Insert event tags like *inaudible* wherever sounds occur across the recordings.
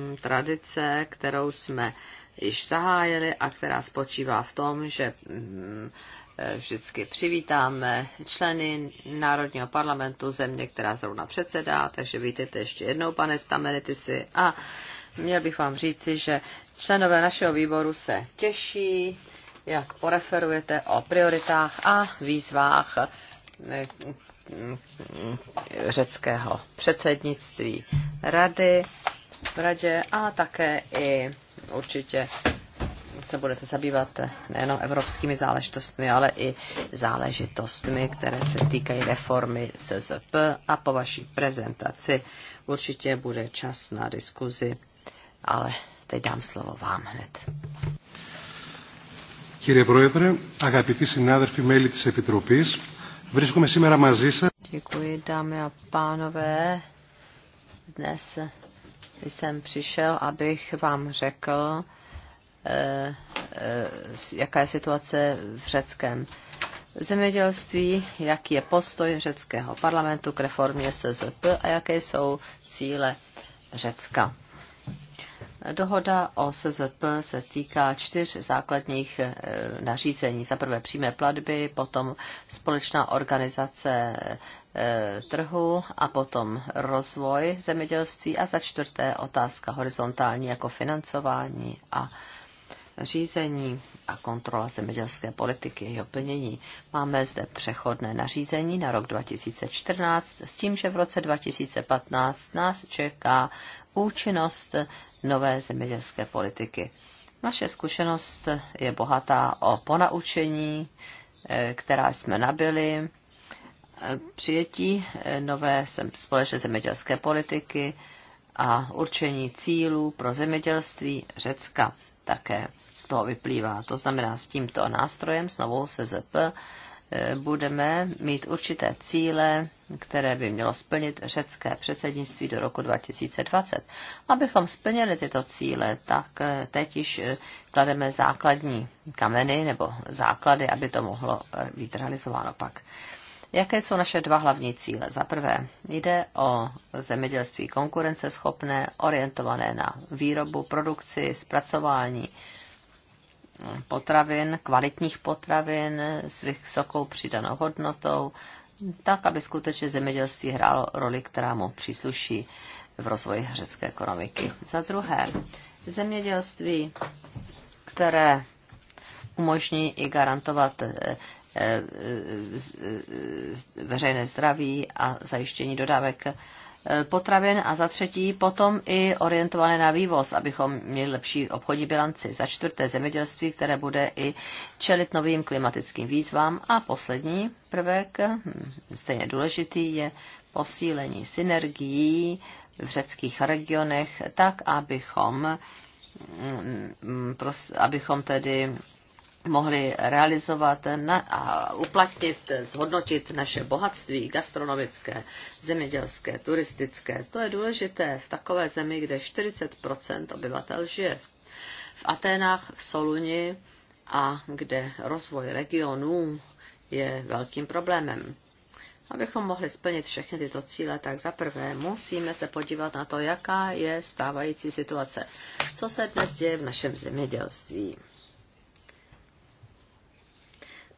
Mm, tradice, kterou jsme již zahájili a která spočívá v tom, že mm, e, vždycky přivítáme členy Národního parlamentu země, která zrovna předsedá, takže vítejte ještě jednou, pane Stamenitisi. A měl bych vám říci, že členové našeho výboru se těší, jak poreferujete o prioritách a výzvách e, mm, řeckého předsednictví rady v radě a také i určitě se budete zabývat nejenom evropskými záležitostmi, ale i záležitostmi, které se týkají reformy SZP a po vaší prezentaci určitě bude čas na diskuzi, ale teď dám slovo vám hned. Κύριε si αγαπητοί συνάδελφοι μέλη της Επιτροπής, βρίσκομαι σήμερα mazí se. Děkuji, dámy a pánové. Dnes jsem přišel, abych vám řekl, eh, eh, jaká je situace v řeckém zemědělství, jaký je postoj řeckého parlamentu k reformě SZP a jaké jsou cíle Řecka. Dohoda o SZP se týká čtyř základních eh, nařízení. Za prvé přímé platby, potom společná organizace eh, trhu a potom rozvoj zemědělství a za čtvrté otázka horizontální jako financování a řízení a kontrola zemědělské politiky, jeho plnění. Máme zde přechodné nařízení na rok 2014 s tím, že v roce 2015 nás čeká účinnost nové zemědělské politiky. Naše zkušenost je bohatá o ponaučení, eh, která jsme nabili, eh, přijetí eh, nové společné zemědělské politiky a určení cílů pro zemědělství Řecka také z toho vyplývá. To znamená, s tímto nástrojem, s novou SZP, eh, budeme mít určité cíle, které by mělo splnit řecké předsednictví do roku 2020. Abychom splnili tyto cíle, tak eh, teď již eh, klademe základní kameny nebo základy, aby to mohlo být realizováno pak. Jaké jsou naše dva hlavní cíle? Za prvé, jde o zemědělství konkurenceschopné, orientované na výrobu, produkci, zpracování potravin, kvalitních potravin s vysokou přidanou hodnotou, tak, aby skutečně zemědělství hrálo roli, která mu přísluší v rozvoji řecké ekonomiky. Za druhé, zemědělství, které umožní i garantovat eh, Eh, veřejné zdraví a zajištění dodávek eh, potravin a za třetí potom i orientované na vývoz, abychom měli lepší obchodní bilanci. Za čtvrté zemědělství, které bude i čelit novým klimatickým výzvám. A poslední prvek, hm, stejně důležitý, je posílení synergií v řeckých regionech, tak abychom, hm, hm, abychom tedy mohli realizovat a uplatnit, zhodnotit naše bohatství gastronomické, zemědělské, turistické. To je důležité v takové zemi, kde 40 obyvatel žije. V Aténách, v Soluni a kde rozvoj regionů je velkým problémem. Abychom mohli splnit všechny tyto cíle, tak za prvé musíme se podívat na to, jaká je stávající situace, co se dnes děje v našem zemědělství.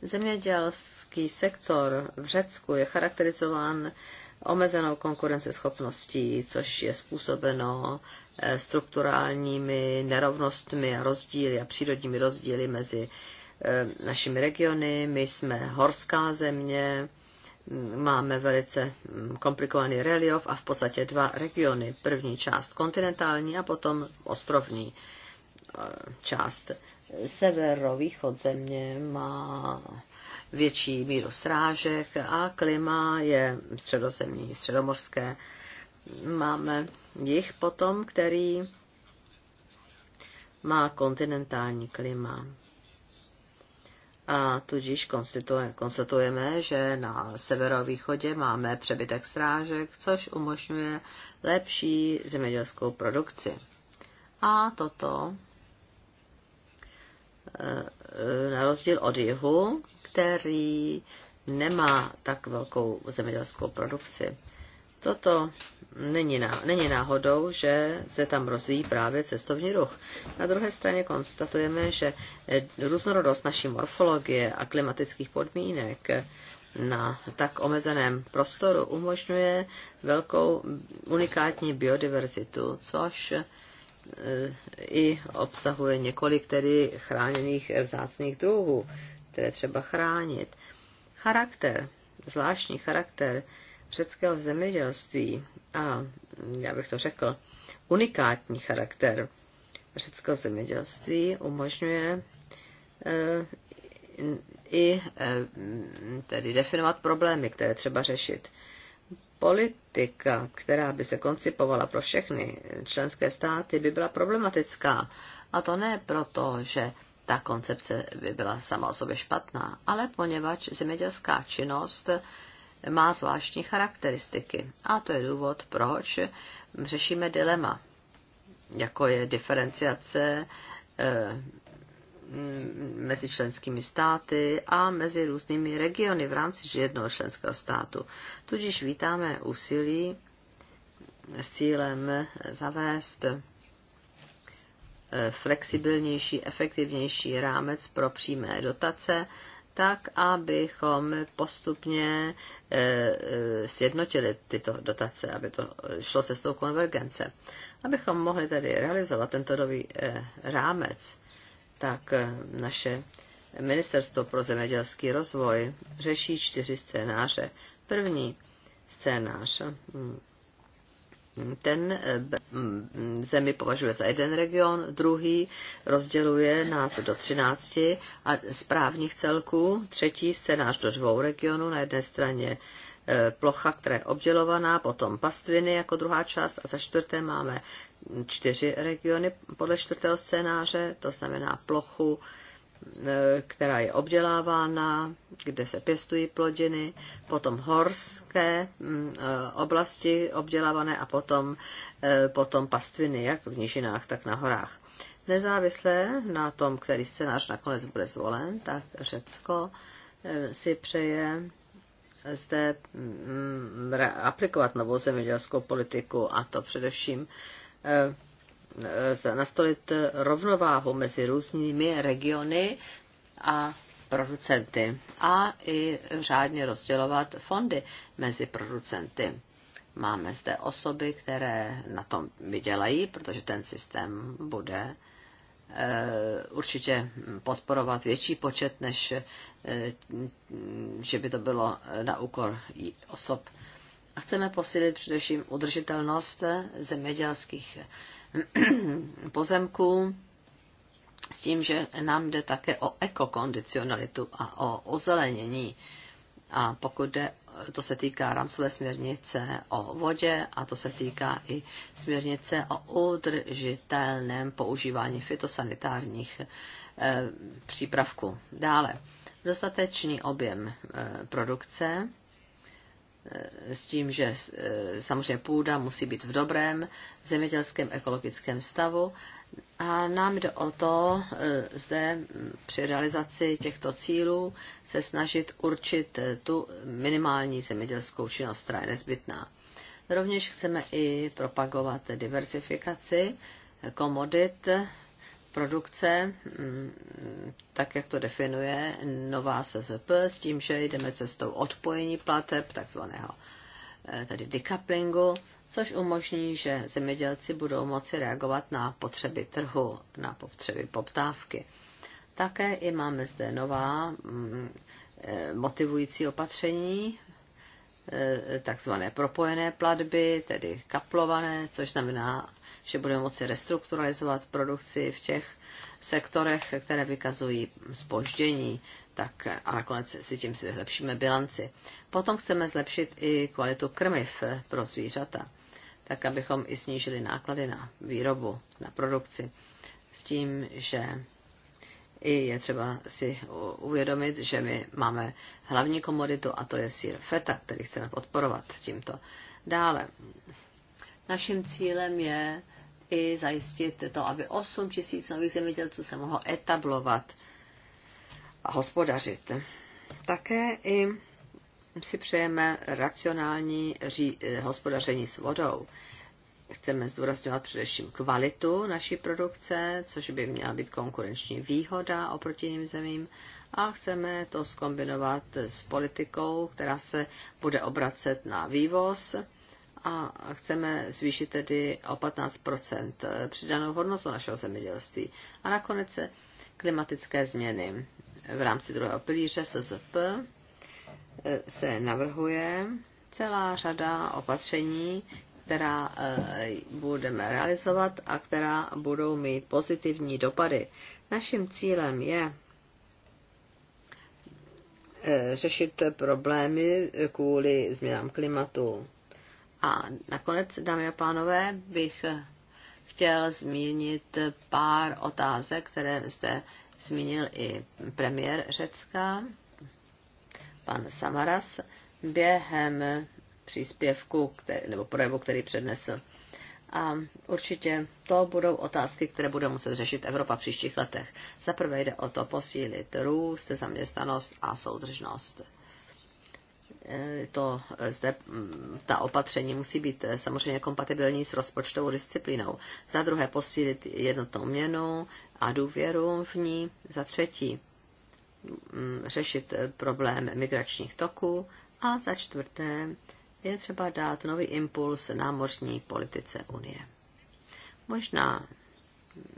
Zemědělský sektor v Řecku je charakterizován omezenou konkurenceschopností, což je způsobeno eh, strukturálními nerovnostmi a rozdíly a přírodními rozdíly mezi eh, našimi regiony. My jsme horská země, mm, máme velice mm, komplikovaný relief a v podstatě dva regiony. První část kontinentální a potom ostrovní eh, část severovýchod země má větší míru srážek a klima je středozemní, středomorské. Máme jich potom, který má kontinentální klima. A tudíž konstatujeme, že na severovýchodě máme přebytek strážek, což umožňuje lepší zemědělskou produkci. A toto na rozdíl od jihu, který nemá tak velkou zemědělskou produkci. Toto není, ná, není náhodou, že se tam rozvíjí právě cestovní ruch. Na druhé straně konstatujeme, že eh, různorodost naší morfologie a klimatických podmínek eh, na tak omezeném prostoru umožňuje velkou unikátní biodiverzitu, což Eh, i obsahuje několik tedy chráněných eh, vzácných druhů, které třeba chránit. Charakter, zvláštní charakter řeckého zemědělství a, já bych to řekl, unikátní charakter řeckého zemědělství umožňuje eh, i tedy definovat problémy, které třeba řešit politika, která by se koncipovala pro všechny členské státy, by byla problematická. A to ne proto, že ta koncepce by byla sama o sobě špatná, ale poněvadž zemědělská činnost má zvláštní charakteristiky. A to je důvod, proč řešíme dilema, jako je diferenciace eh, Mm, mezi členskými státy a mezi různými regiony v rámci jednoho členského státu. Tudíž vítáme úsilí s cílem zavést eh, flexibilnější, efektivnější rámec pro přímé dotace, tak abychom postupně eh, eh, sjednotili tyto dotace, aby to šlo cestou konvergence. Abychom mohli tedy realizovat tento nový rámec, tak eh, naše Ministerstvo pro zemědělský rozvoj řeší čtyři scénáře. První scénář ten eh, zemi považuje za jeden region, druhý rozděluje nás do třinácti a správních celků, třetí scénář do dvou regionů, na jedné straně E, plocha, která je obdělovaná, potom pastviny jako druhá část a za čtvrté máme čtyři regiony podle čtvrtého scénáře, to znamená plochu, e, která je obdělávána, kde se pěstují plodiny, potom horské mm, e, oblasti obdělávané a potom, potom pastviny, jak v nížinách, tak na horách. Nezávisle na tom, který scénář nakonec bude zvolen, tak Řecko si přeje zde mm, aplikovat novou zemědělskou politiku a to především eh, eh, nastolit rovnováhu mezi různými regiony a producenty a i řádně rozdělovat fondy mezi producenty. Máme zde osoby, které na tom vydělají, protože ten systém bude Eh, určitě podporovat větší počet, než eh, že by to bylo na úkor osob. A chceme posílit především udržitelnost zemědělských *clears throat* pozemků s tím, že nám jde také o ekokondicionalitu a o ozelenění a pokud jde, to se týká rámcové směrnice o vodě a to se týká i směrnice o udržitelném používání fitosanitárních eh, přípravků. Dále, dostatečný objem eh, produkce s tím, že eh, samozřejmě půda musí být v dobrém zemědělském ekologickém stavu. A nám jde o to eh, zde při realizaci těchto cílů se snažit určit eh, tu minimální zemědělskou činnost, která je nezbytná. Rovněž chceme i propagovat diversifikaci komodit produkce, mm, tak jak to definuje nová SZP, s tím, že jdeme cestou odpojení plateb, takzvaného eh, tedy decouplingu, což umožní, že zemědělci budou moci reagovat na potřeby trhu, na potřeby poptávky. Také i máme zde nová mm, eh, motivující opatření Eh, takzvané propojené platby, tedy kaplované, což znamená, že budeme moci restrukturalizovat produkci v těch sektorech, které vykazují spoždění, tak a nakonec si tím si vylepšíme bilanci. Potom chceme zlepšit i kvalitu krmiv pro zvířata, tak abychom i snížili náklady na výrobu, na produkci, s tím, že i je třeba si uvědomit, že my máme hlavní komoditu a to je sír feta, který chceme podporovat tímto. Dále, naším cílem je i zajistit to, aby 8 tisíc nových zemědělců se mohlo etablovat a hospodařit. Také i si přejeme racionální ří, hospodaření s vodou. Chceme zdůrazňovat především kvalitu naší produkce, což by měla být konkurenční výhoda oproti jiným zemím. A chceme to skombinovat s politikou, která se bude obracet na vývoz a chceme zvýšit tedy o 15 přidanou hodnotu našeho zemědělství. A nakonec klimatické změny. V rámci druhého pilíře SZP se navrhuje celá řada opatření, která eh, budeme realizovat a která budou mít pozitivní dopady. Naším cílem je eh, řešit problémy kvůli změnám klimatu. A nakonec, dámy a pánové, bych chtěl zmínit pár otázek, které zde zmínil i premiér Řecka, pan Samaras, během příspěvku který, nebo projevu, který přednesl. A určitě to budou otázky, které bude muset řešit Evropa v příštích letech. Za prvé jde o to posílit růst, zaměstnanost a soudržnost. E, to, e, zde, ta opatření musí být e, samozřejmě kompatibilní s rozpočtovou disciplínou. Za druhé posílit jednotnou měnu a důvěru v ní. Za třetí řešit problém migračních toků. A za čtvrté je třeba dát nový impuls námořní politice Unie. Možná,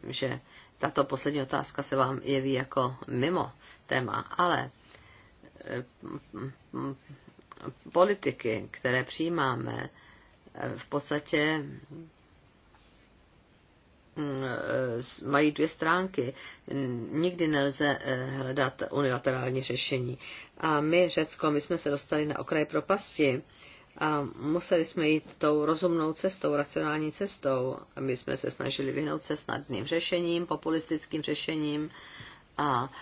že tato poslední otázka se vám jeví jako mimo téma, ale eh, politiky, které přijímáme, eh, v podstatě eh, mají dvě stránky. Nikdy nelze hledat unilaterální řešení. A my, Řecko, my jsme se dostali na okraj propasti a museli jsme jít tou rozumnou cestou, racionální cestou. My jsme se snažili vyhnout se snadným řešením, populistickým řešením a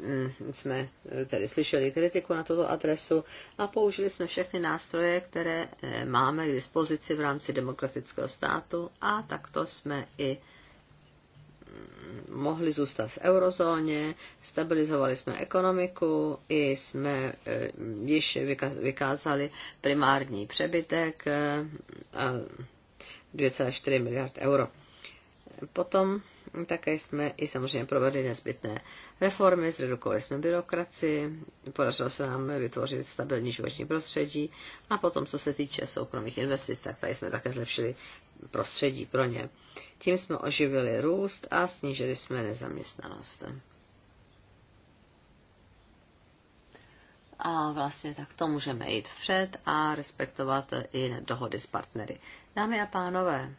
mm, jsme e, tedy slyšeli kritiku na tuto adresu a použili jsme všechny nástroje, které e, máme k dispozici v rámci demokratického státu a takto jsme i mohli zůstat v eurozóně, stabilizovali jsme ekonomiku i jsme e, již vykázali primární přebytek 2,4 e, miliard euro. Potom také jsme i samozřejmě provedli nezbytné reformy, zredukovali jsme byrokracii, podařilo se nám vytvořit stabilní životní prostředí a potom, co se týče soukromých investic, tak tady jsme také zlepšili prostředí pro ně. Tím jsme oživili růst a snížili jsme nezaměstnanost. a vlastně tak to můžeme jít vpřed a respektovat i dohody s partnery. Dámy a pánové,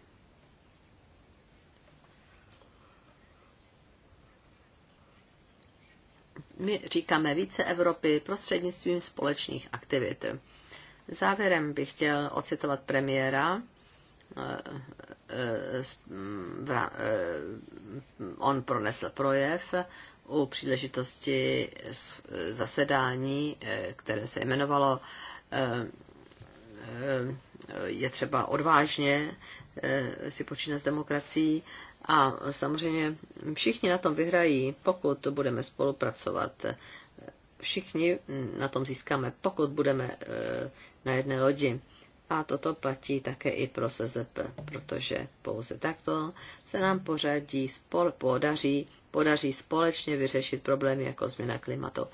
My říkáme více Evropy prostřednictvím společných aktivit. Závěrem bych chtěl ocitovat premiéra. Eh, eh, eh, on pronesl projev u příležitosti zasedání, které se jmenovalo je třeba odvážně si počínat s demokracií a samozřejmě všichni na tom vyhrají, pokud budeme spolupracovat. Všichni na tom získáme, pokud budeme eh, na jedné lodi. A toto platí také i pro SZP, protože pouze takto se nám pořadí, spol, podaří, podaří společně vyřešit problémy jako změna klimatu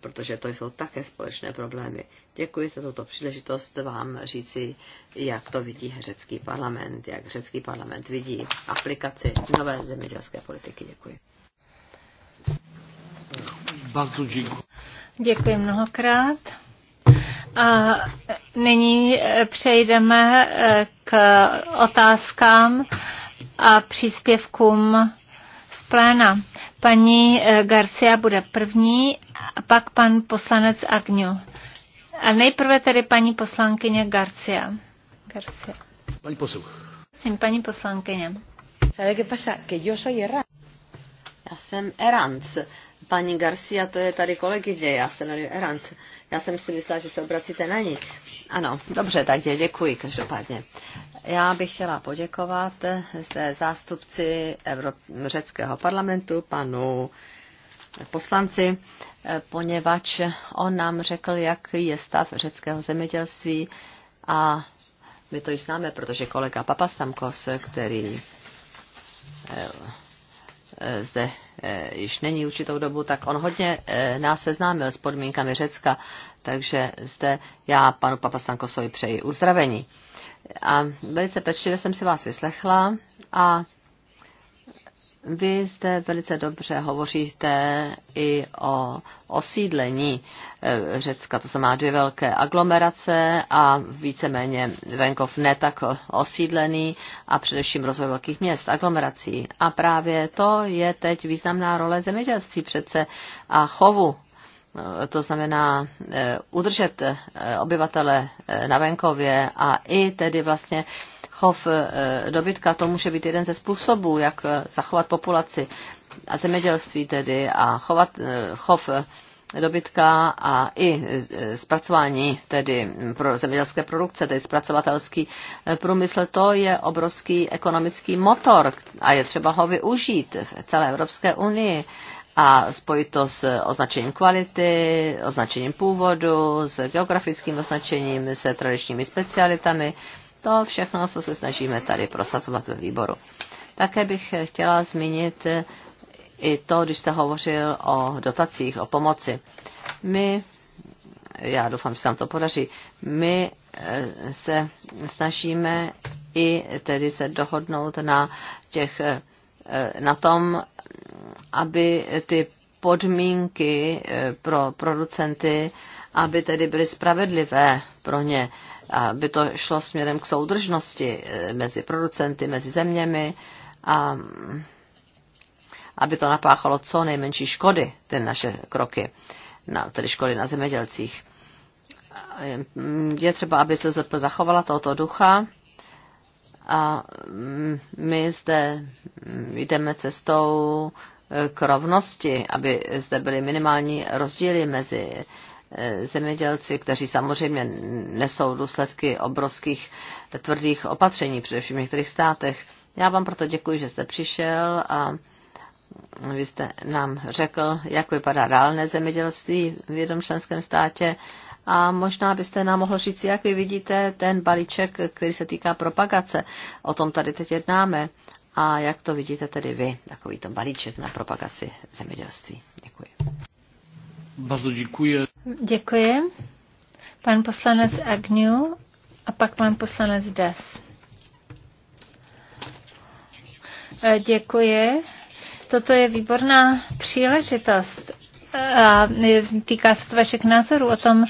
protože to jsou také společné problémy. Děkuji za tuto příležitost vám říci, jak to vidí řecký parlament, jak řecký parlament vidí aplikaci nové zemědělské politiky. Děkuji. děkuji. Děkuji mnohokrát. A nyní e, přejdeme e, k otázkám a příspěvkům z pléna. Paní e, Garcia bude první a pak pan poslanec Agňo. A nejprve tedy paní poslankyně Garcia. Garcia. Paní posluch. Jsem paní poslankyně. ¿Sabe qué pasa? Que yo soy errant. Já jsem Erantz. Paní Garcia, to je tady kolegyně, já jsem jmenuji Erant. Já jsem si myslela, že se obracíte na ní. Ano, dobře, takže děkuji každopádně. Já bych chtěla poděkovat zde zástupci Evrop- řeckého parlamentu, panu poslanci, eh, poněvadž on nám řekl, jak je stav řeckého zemědělství a my to již známe, protože kolega Papastamkos, který eh, eh, zde již není určitou dobu, tak on hodně nás seznámil s podmínkami Řecka, takže zde já panu Papastankosovi přeji uzdravení. A velice pečlivě jsem si vás vyslechla a vy jste velice dobře hovoříte i o osídlení eh, Řecka, to má dvě velké aglomerace a víceméně venkov ne tak osídlený a především rozvoj velkých měst, aglomerací. A právě to je teď významná role zemědělství přece a chovu eh, to znamená eh, udržet obyvatele na venkově a i tedy vlastně chov eh, dobytka, to může být jeden ze způsobů, jak eh, zachovat populaci a zemědělství tedy a chovat, eh, chov dobytka a i zpracování tedy mm, pro zemědělské produkce, tedy zpracovatelský průmysl, to je obrovský ekonomický motor a je třeba ho využít v celé Evropské unii a spojit to s označením kvality, označením původu, s geografickým označením, se tradičními specialitami. To všechno, co se snažíme tady prosazovat ve výboru. Také bych chtěla zmínit i to, když jste hovořil o dotacích, o pomoci. My, já doufám, že se nám to podaří, my eh, se snažíme i tedy se dohodnout na těch, eh, na tom, aby ty podmínky eh, pro producenty, aby tedy byly spravedlivé pro ně aby to šlo směrem k soudržnosti eh, mezi producenty, mezi zeměmi a aby to napáchalo co nejmenší škody, ty naše kroky, na, tedy škody na zemědělcích. Eh, je třeba, aby se ZP zachovala tohoto ducha a mm, my zde mm, jdeme cestou eh, k rovnosti, aby zde byly minimální rozdíly mezi Eh, zemědělci, kteří samozřejmě nesou důsledky obrovských tvrdých opatření, především v některých státech. Já vám proto děkuji, že jste přišel a vy jste nám řekl, jak vypadá reálné zemědělství v jednom členském státě a možná byste nám mohl říct, jak vy vidíte ten balíček, který se týká propagace. O tom tady teď jednáme. A jak to vidíte tedy vy, takovýto balíček na propagaci zemědělství? Děkuji. Bardzo děkuji. Dziękuję. Pan poslanec Agniu, a pak pan poslanec Des. E, děkuji. Toto je výborná příležitost a týká se to vašich názorů o tom,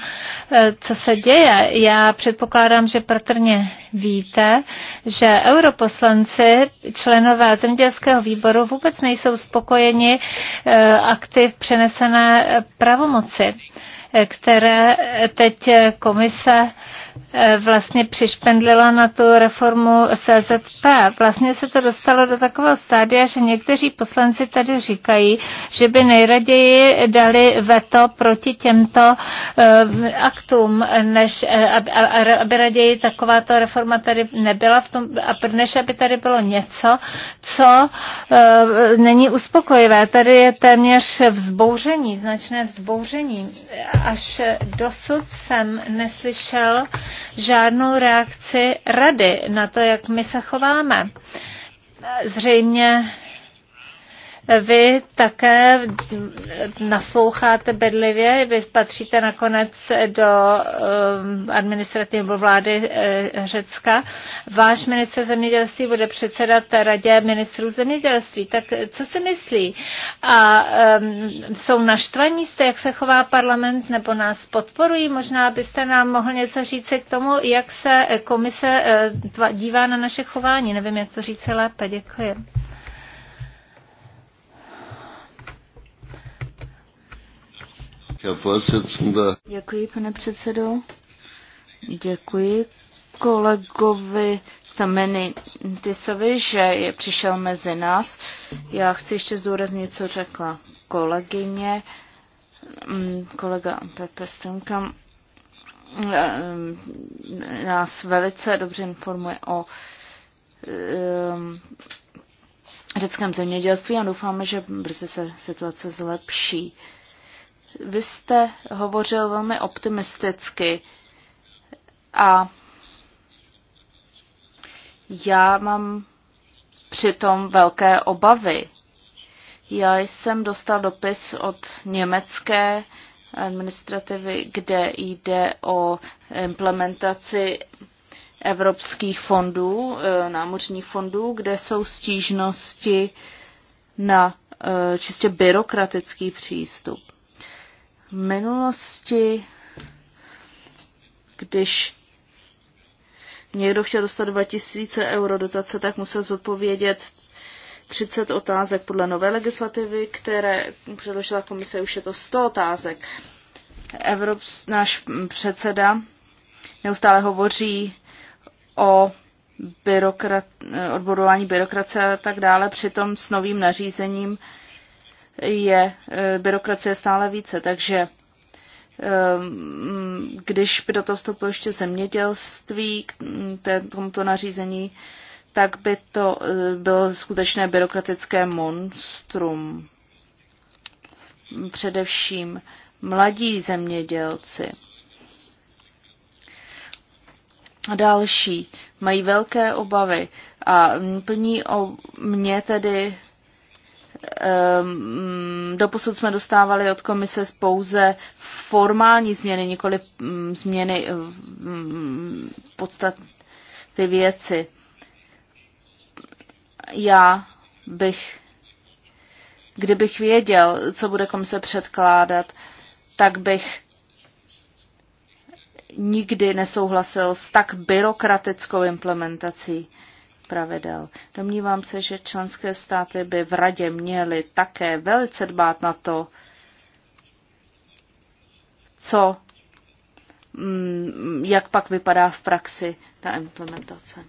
eh, co se děje. Já předpokládám, že patrně víte, že europoslanci, členové zemědělského výboru vůbec nejsou spokojeni eh, aktiv přenesené pravomoci, eh, které teď komise E, vlastně přišpendlila na tu reformu SZP. Vlastně se to dostalo do takového stádia, že někteří poslanci tady říkají, že by nejraději dali veto proti těmto e, aktům, než e, aby raději takováto reforma tady nebyla, v tom, než aby tady bylo něco, co není uspokojivé. Tady je téměř vzbouření, značné vzbouření. Až dosud jsem neslyšel, žádnou reakci rady na to, jak my se chováme. Zřejmě vy také nasloucháte bedlivě, vy patříte nakonec do um, administrativní vlády eh, Řecka. Váš minister zemědělství bude předsedat radě ministrů zemědělství. Tak co si myslí? A jsou naštvaní jste, jak se chová parlament, nebo nás podporují? Možná byste nám mohl něco říct k tomu, jak se komise eh, dívá na naše chování. Nevím, jak to říct lépe. Děkuji. Děkuji, pane předsedo. Děkuji kolegovi Stameny Tisovi, že je přišel mezi nás. Já chci ještě zdůraznit, co řekla kolegyně, mm, kolega Pepe Stemka mm, nás velice dobře informuje o mm, řeckém zemědělství a doufáme, že brzy se situace zlepší. Vy jste hovořil velmi optimisticky a já mám přitom velké obavy. Já jsem dostal dopis od německé administrativy, kde jde o implementaci evropských fondů, e, námořních fondů, kde jsou stížnosti na e, čistě byrokratický přístup minulosti, když někdo chtěl dostat 2000 euro dotace, tak musel zodpovědět 30 otázek podle nové legislativy, které předložila komise, už je to 100 otázek. Evrops, náš předseda neustále hovoří o byrokrat, odbudování byrokracie a tak dále. Přitom s novým nařízením je eh, byrokracie stále více, takže eh, když by do toho vstoupilo ještě zemědělství k mm, tomuto nařízení, tak by to eh, bylo skutečné byrokratické monstrum. Především mladí zemědělci. další mají velké obavy a plní o mě tedy Ehm, mm, doposud jsme dostávali od komise pouze formální změny, nikoli mm, změny mm, podstaty věci. Já bych, kdybych věděl, co bude komise předkládat, tak bych nikdy nesouhlasil s tak byrokratickou implementací. Uh, pravidel. Domnívám se, že členské státy by v radě měly také velice dbát na to, co, mm, jak pak vypadá v praxi ta implementace.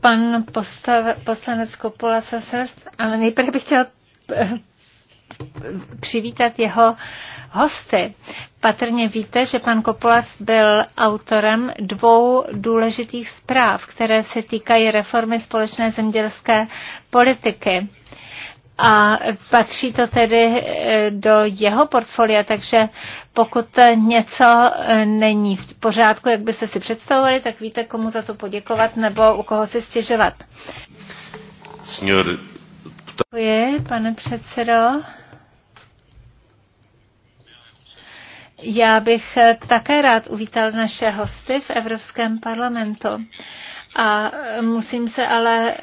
Pan poslanec Kopula se, ale nejprve bych chtěl eh, přivítat jeho hosty. Patrně víte, že pan Kopolac byl autorem dvou důležitých zpráv, které se týkají reformy společné zemědělské politiky. A patří to tedy e, do jeho portfolia, takže pokud něco e, není v pořádku, jak byste si představovali, tak víte, komu za to poděkovat nebo u koho si stěžovat. Signor Děkuji, pane předsedo. Já bych také rád uvítal naše hosty v Evropském parlamentu. A musím se ale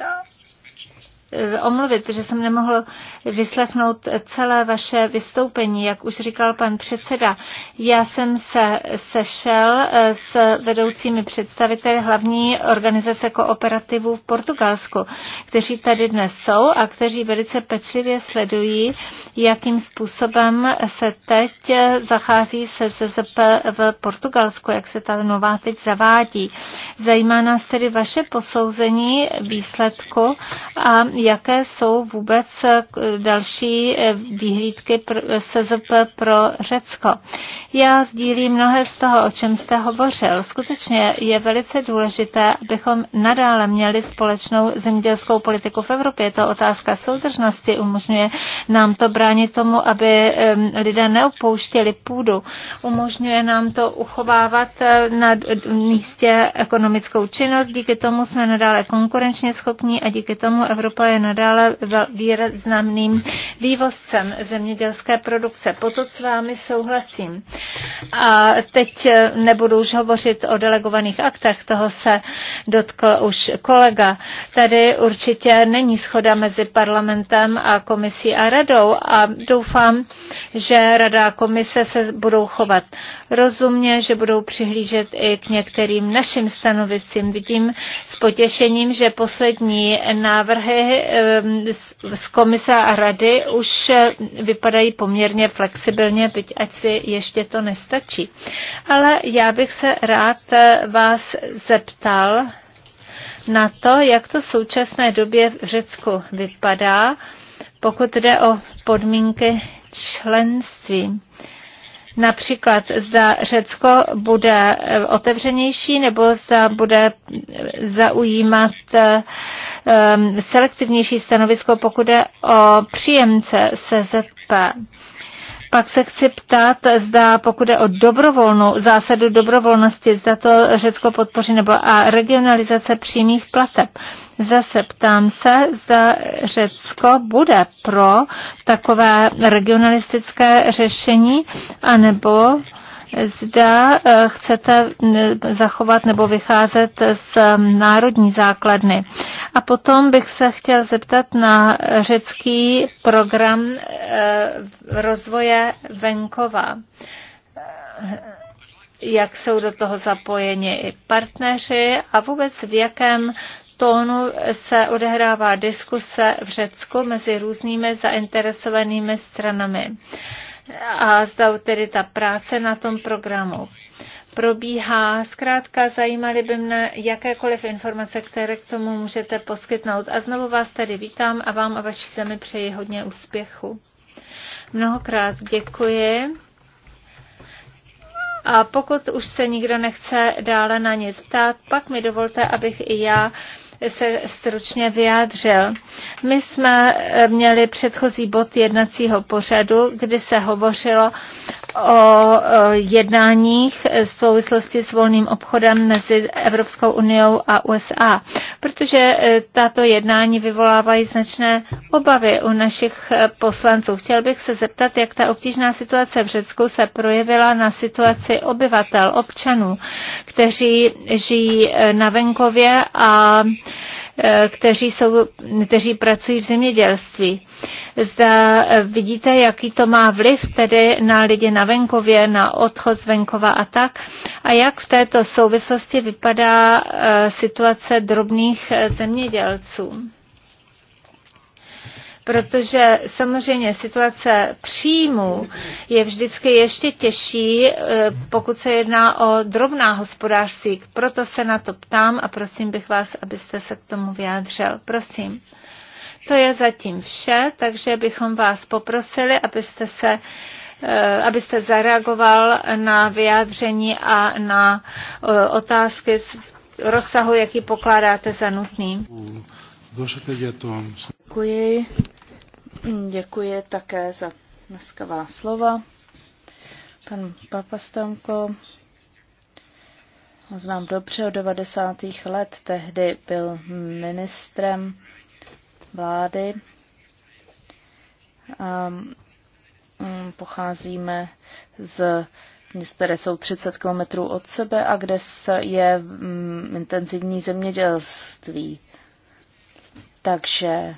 Eh, omluvit, protože jsem nemohl vyslechnout celé vaše vystoupení. Jak už říkal pan předseda, já jsem se sešel eh, s vedoucími představiteli hlavní organizace kooperativů v Portugalsku, kteří tady dnes jsou a kteří velice pečlivě sledují, jakým způsobem se teď eh, zachází se ZZP v Portugalsku, jak se ta nová teď zavádí. Zajímá nás tedy vaše posouzení výsledku a jaké jsou vůbec eh, další eh, výhlídky SZP pro Řecko. Já sdílím mnohé z toho, o čem jste hovořil. Skutečně je velice důležité, abychom nadále měli společnou zemědělskou politiku v Evropě. to otázka soudržnosti, umožňuje nám to bránit tomu, aby lidé neopouštěli půdu. Umožňuje nám to uchovávat eh, na místě ekonomickou činnost. Díky tomu jsme nadále konkurenčně schopní a díky tomu Evropa je nadále výrazným vývozcem zemědělské produkce. Potom s vámi souhlasím. A teď eh, nebudu už hovořit o delegovaných aktech, toho se dotkl už kolega. Tady určitě není schoda mezi parlamentem a komisí a radou a doufám, že rada a komise se budou chovat rozumně, že budou přihlížet i k některým našim stanovicím. Vidím s potěšením, že poslední návrhy návrhy eh, z komise a rady už eh, vypadají poměrně flexibilně, byť ať si ještě to nestačí. Ale já bych se rád eh, vás zeptal na to, jak to v současné době v Řecku vypadá, pokud jde o podmínky členství. Například zda Řecko bude eh, otevřenější nebo zda bude zaujímat eh, eh, selektivnější stanovisko, pokud je o příjemce SZP. Pak se chci ptát, zda pokud je o dobrovolnou zásadu dobrovolnosti, zda to Řecko podpoří, nebo a regionalizace přímých plateb. Zase ptám se, zda Řecko bude pro takové regionalistické řešení, anebo zda eh, chcete mm, zachovat nebo vycházet z mm, národní základny. A potom bych se chtěl zeptat na řecký program eh, rozvoje venkova jak jsou do toho zapojeni i partneři a vůbec v jakém tónu se odehrává diskuse v Řecku mezi různými zainteresovanými stranami. A zda tedy ta práce na tom programu probíhá. Zkrátka zajímaly by mne jakékoliv informace, které k tomu můžete poskytnout. A znovu vás tady vítám a vám a vaší zemi přeji hodně úspěchu. Mnohokrát děkuji. A pokud už se nikdo nechce dále na nic ptát, pak mi dovolte, abych i já se stručně vyjádřil. My jsme měli předchozí bod jednacího pořadu, kdy se hovořilo o jednáních v souvislosti s volným obchodem mezi Evropskou uniou a USA, protože e, tato jednání vyvolávají značné obavy u našich e, poslanců. Chtěl bych se zeptat, jak ta obtížná situace v Řecku se projevila na situaci obyvatel, občanů, kteří žijí e, na venkově a kteří, jsou, kteří pracují v zemědělství. Zda vidíte, jaký to má vliv tedy na lidi na venkově, na odchod z venkova a tak. A jak v této souvislosti vypadá eh, situace drobných eh, zemědělců? protože samozřejmě situace příjmů je vždycky ještě těžší, eh, pokud se jedná o drobná hospodářství. Proto se na to ptám a prosím bych vás, abyste se k tomu vyjádřil. Prosím. To je zatím vše, takže bychom vás poprosili, abyste se eh, abyste zareagoval na vyjádření a na eh, otázky z rozsahu, jaký pokládáte za nutný. Děkuji. Děkuji také za dneskavá slova. Pan Papastamko, ho znám dobře, od 90. let, tehdy byl ministrem vlády. A mm, pocházíme z měst, které jsou 30 kilometrů od sebe a kde je mm, intenzivní zemědělství. Takže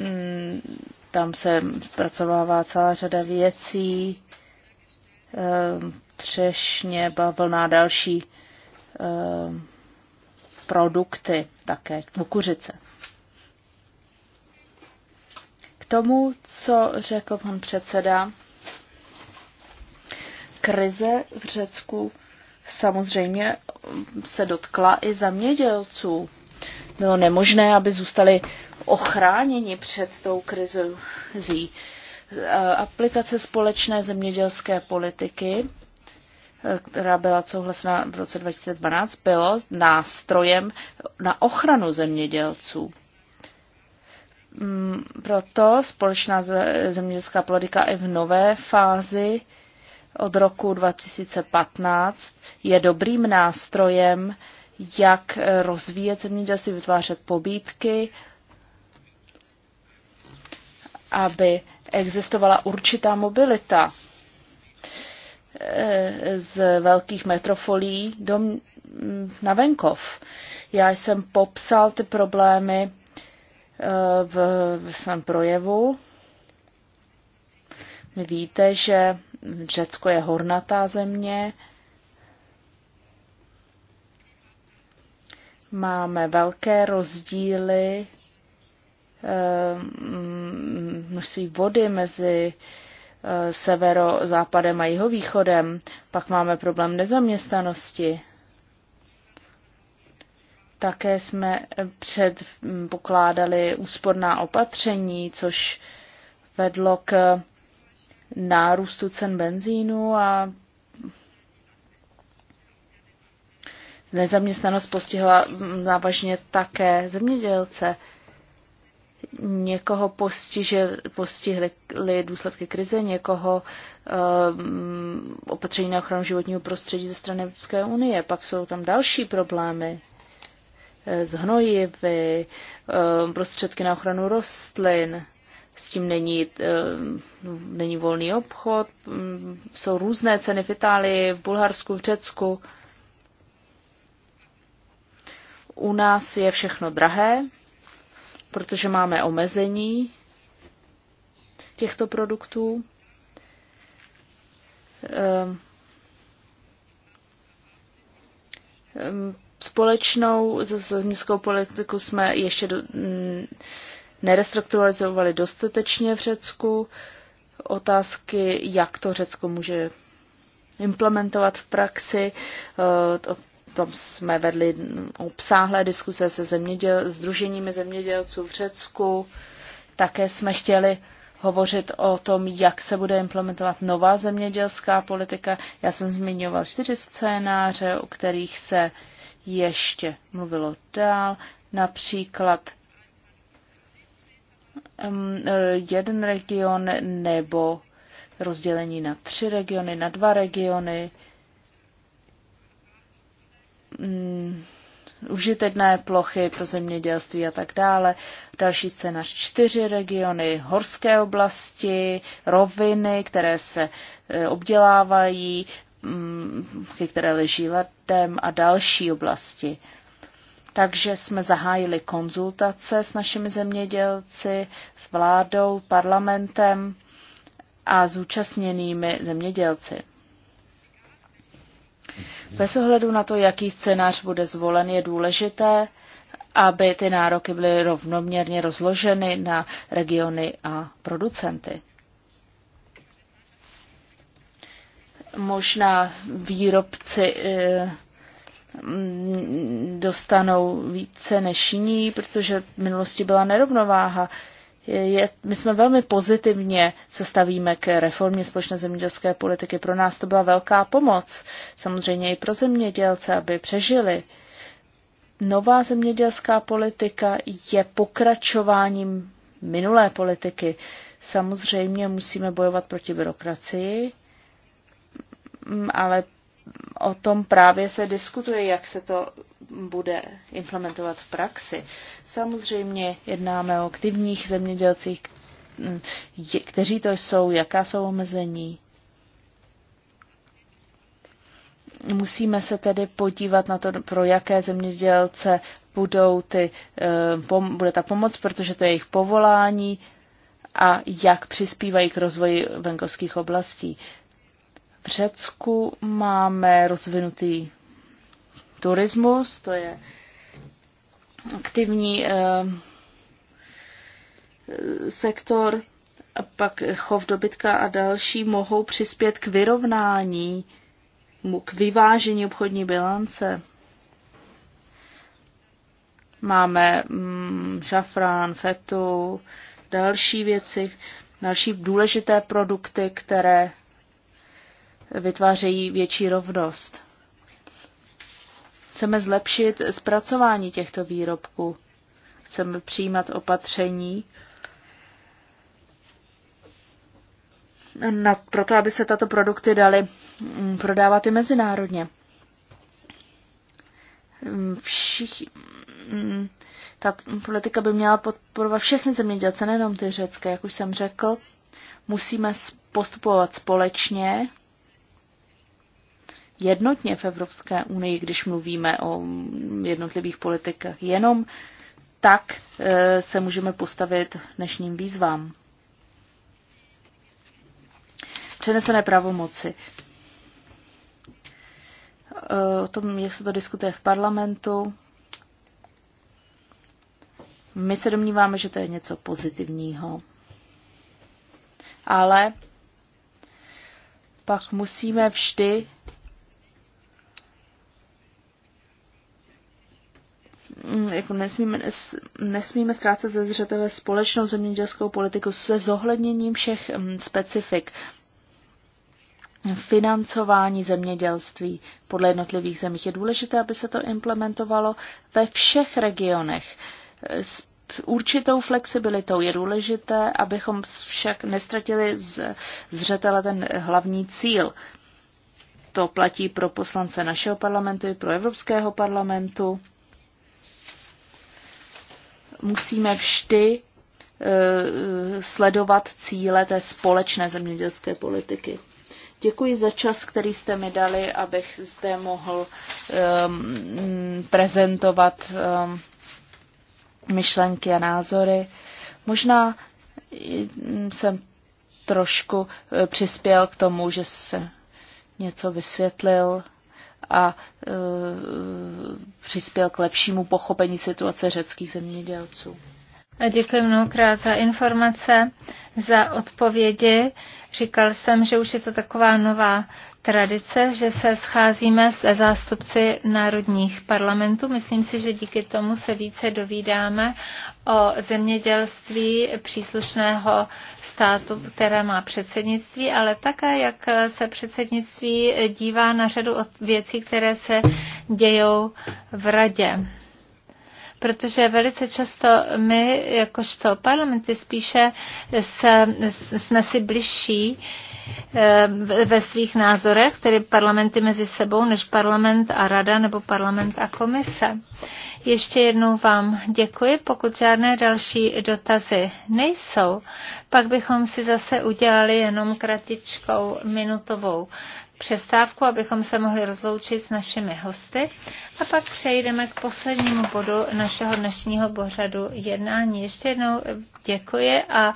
Mm, tam se zpracovává celá řada věcí, ehm, třešně, bavlná, další ehm, produkty také, kukuřice. K tomu, co řekl pan předseda, krize v Řecku samozřejmě se dotkla i zamědělců. Bylo nemožné, aby zůstali ochráněni před tou krizí. E, aplikace společné zemědělské politiky, e, která byla souhlasná v roce 2012, bylo nástrojem na ochranu zemědělců. Mm, proto společná zemědělská politika i v nové fázi od roku 2015 je dobrým nástrojem, jak rozvíjet zemědělství, vytvářet pobídky aby existovala určitá mobilita eh, z velkých metropolí do, na venkov. Já jsem popsal ty problémy eh, v, v svém projevu. Vy víte, že Řecko je hornatá země. Máme velké rozdíly eh, množství vody mezi eh, severozápadem a jihovýchodem, pak máme problém nezaměstnanosti. Také jsme eh, předpokládali hm, úsporná opatření, což vedlo k nárůstu cen benzínu a nezaměstnanost postihla hm, závažně také zemědělce. Někoho postižili, postihly důsledky krize, někoho um, opatření na ochranu životního prostředí ze strany Evropské unie. Pak jsou tam další problémy eh, z hnojivy, um, prostředky na ochranu rostlin, s tím není, um, není volný obchod, um, jsou různé ceny v Itálii, v Bulharsku, v Řecku. U nás je všechno drahé, protože máme omezení těchto produktů. Ehm, ehm, společnou s městskou politiku jsme ještě nerestrukturalizovali dostatečně v Řecku. Otázky, jak to Řecko může implementovat v praxi, eh, tam jsme vedli obsáhlé diskuse se zeměděl, združeními zemědělců v Řecku. Také jsme chtěli hovořit o tom, jak se bude implementovat nová zemědělská politika. Já jsem zmiňoval čtyři scénáře, o kterých se ještě mluvilo dál. Například jeden region nebo rozdělení na tři regiony, na dva regiony, mm, užitečné plochy pro zemědělství a tak dále. Další scénář čtyři regiony, horské oblasti, roviny, které se e, obdělávají, mm, které leží letem a další oblasti. Takže jsme zahájili konzultace s našimi zemědělci, s vládou, parlamentem a zúčastněnými zemědělci. Bez ohledu na to, jaký scénář bude zvolen, je důležité, aby ty nároky byly rovnoměrně rozloženy na regiony a producenty. Možná výrobci eh, dostanou více než jiní, protože v minulosti byla nerovnováha je, my jsme velmi pozitivně se stavíme k reformě společné zemědělské politiky. Pro nás to byla velká pomoc, samozřejmě i pro zemědělce, aby přežili. Nová zemědělská politika je pokračováním minulé politiky. Samozřejmě musíme bojovat proti byrokracii, mm, ale o tom právě se diskutuje, jak se to bude implementovat v praxi. Samozřejmě jednáme o aktivních zemědělcích, mm, kteří to jsou, jaká jsou omezení. Musíme se tedy podívat na to, pro jaké zemědělce budou ty, eh, bude ta pomoc, protože to je jejich povolání a jak přispívají k rozvoji venkovských oblastí. V Řecku máme rozvinutý turismus, to je aktivní eh, sektor, a pak chov dobytka a další mohou přispět k vyrovnání, k vyvážení obchodní bilance. Máme mm, šafrán, fetu, další věci, další důležité produkty, které vytvářejí větší rovnost. Chceme zlepšit zpracování těchto výrobků. Chceme přijímat opatření na, proto, aby se tato produkty daly mm, prodávat i mezinárodně. Mm, Všich, mm, ta politika by měla podporovat všechny zemědělce, nejenom ty řecké, jak už jsem řekl. Musíme postupovat společně, jednotně v Evropské unii, když mluvíme o jednotlivých politikách. Jenom tak eh, se můžeme postavit dnešním výzvám. Přenesené pravomoci. Eh, o tom, jak se to diskutuje v parlamentu, my se domníváme, že to je něco pozitivního. Ale pak musíme vždy Mm, jako nesmíme, nesmíme ztrácet ze zřetele společnou zemědělskou politiku se zohledněním všech mm, specifik financování zemědělství podle jednotlivých zemích. Je důležité, aby se to implementovalo ve všech regionech. Eh, s určitou flexibilitou je důležité, abychom však nestratili z zřetele ten hlavní cíl. To platí pro poslance našeho parlamentu i pro Evropského parlamentu musíme vždy e, sledovat cíle té společné zemědělské politiky. Děkuji za čas, který jste mi dali, abych zde mohl um, prezentovat um, myšlenky a názory. Možná jsem trošku e, přispěl k tomu, že se něco vysvětlil a e, přispěl k lepšímu pochopení situace řeckých zemědělců. A děkuji mnohokrát za informace, za odpovědi. Říkal jsem, že už je to taková nová tradice, že se scházíme s zástupci národních parlamentů. Myslím si, že díky tomu se více dovídáme o zemědělství příslušného státu, které má předsednictví, ale také, jak se předsednictví dívá na řadu věcí, které se dějou v radě protože velice často my, jakožto parlamenty, spíše se, jsme si bližší Eh, ve svých názorech, tedy parlamenty mezi sebou, než parlament a rada nebo parlament a komise. Ještě jednou vám děkuji. Pokud žádné další dotazy nejsou, pak bychom si zase udělali jenom kratičkou minutovou přestávku, abychom se mohli rozloučit s našimi hosty a pak přejdeme k poslednímu bodu našeho dnešního pořadu jednání. Ještě jednou děkuji a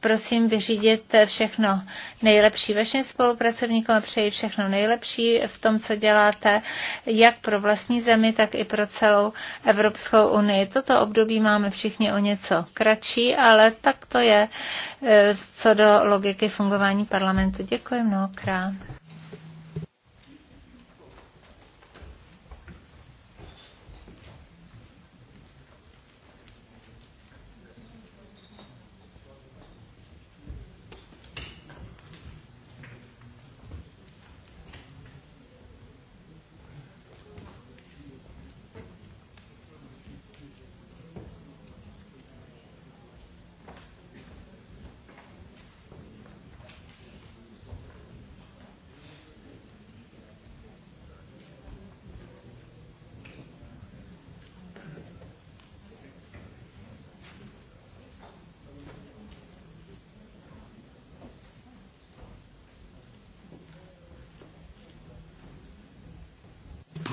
prosím vyřídit všechno nejlepší vašim spolupracovníkům a přeji všechno nejlepší v tom, co děláte, jak pro vlastní zemi, tak i pro celou Evropskou unii. Toto období máme všichni o něco kratší, ale tak to je e, co do logiky fungování parlamentu. Děkuji mnohokrát.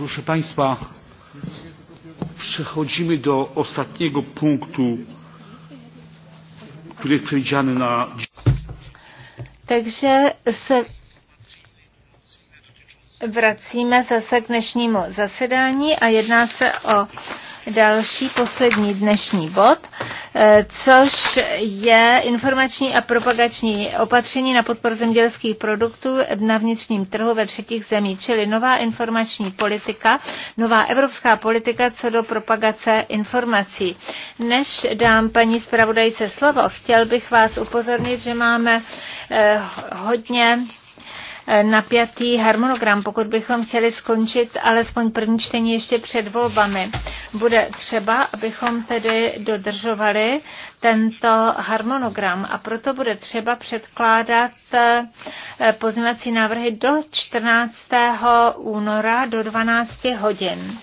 proszę państwa przechodzimy do ostatniego punktu który jest przewidziany na Także se vracíme zase k dnešnímu zasedání a jedná se o další poslední dnešní bod Eh, což je informační a propagační opatření na podporu zemědělských produktů na vnitřním trhu ve třetích zemích, čili nová informační politika, nová evropská politika co do propagace informací. Než dám paní zpravodajce slovo, chtěl bych vás upozornit, že máme eh, hodně napjatý harmonogram, pokud bychom chtěli skončit alespoň první čtení ještě před volbami. Bude třeba, abychom tedy dodržovali tento harmonogram a proto bude třeba předkládat eh, pozměňovací návrhy do 14. února do 12 hodin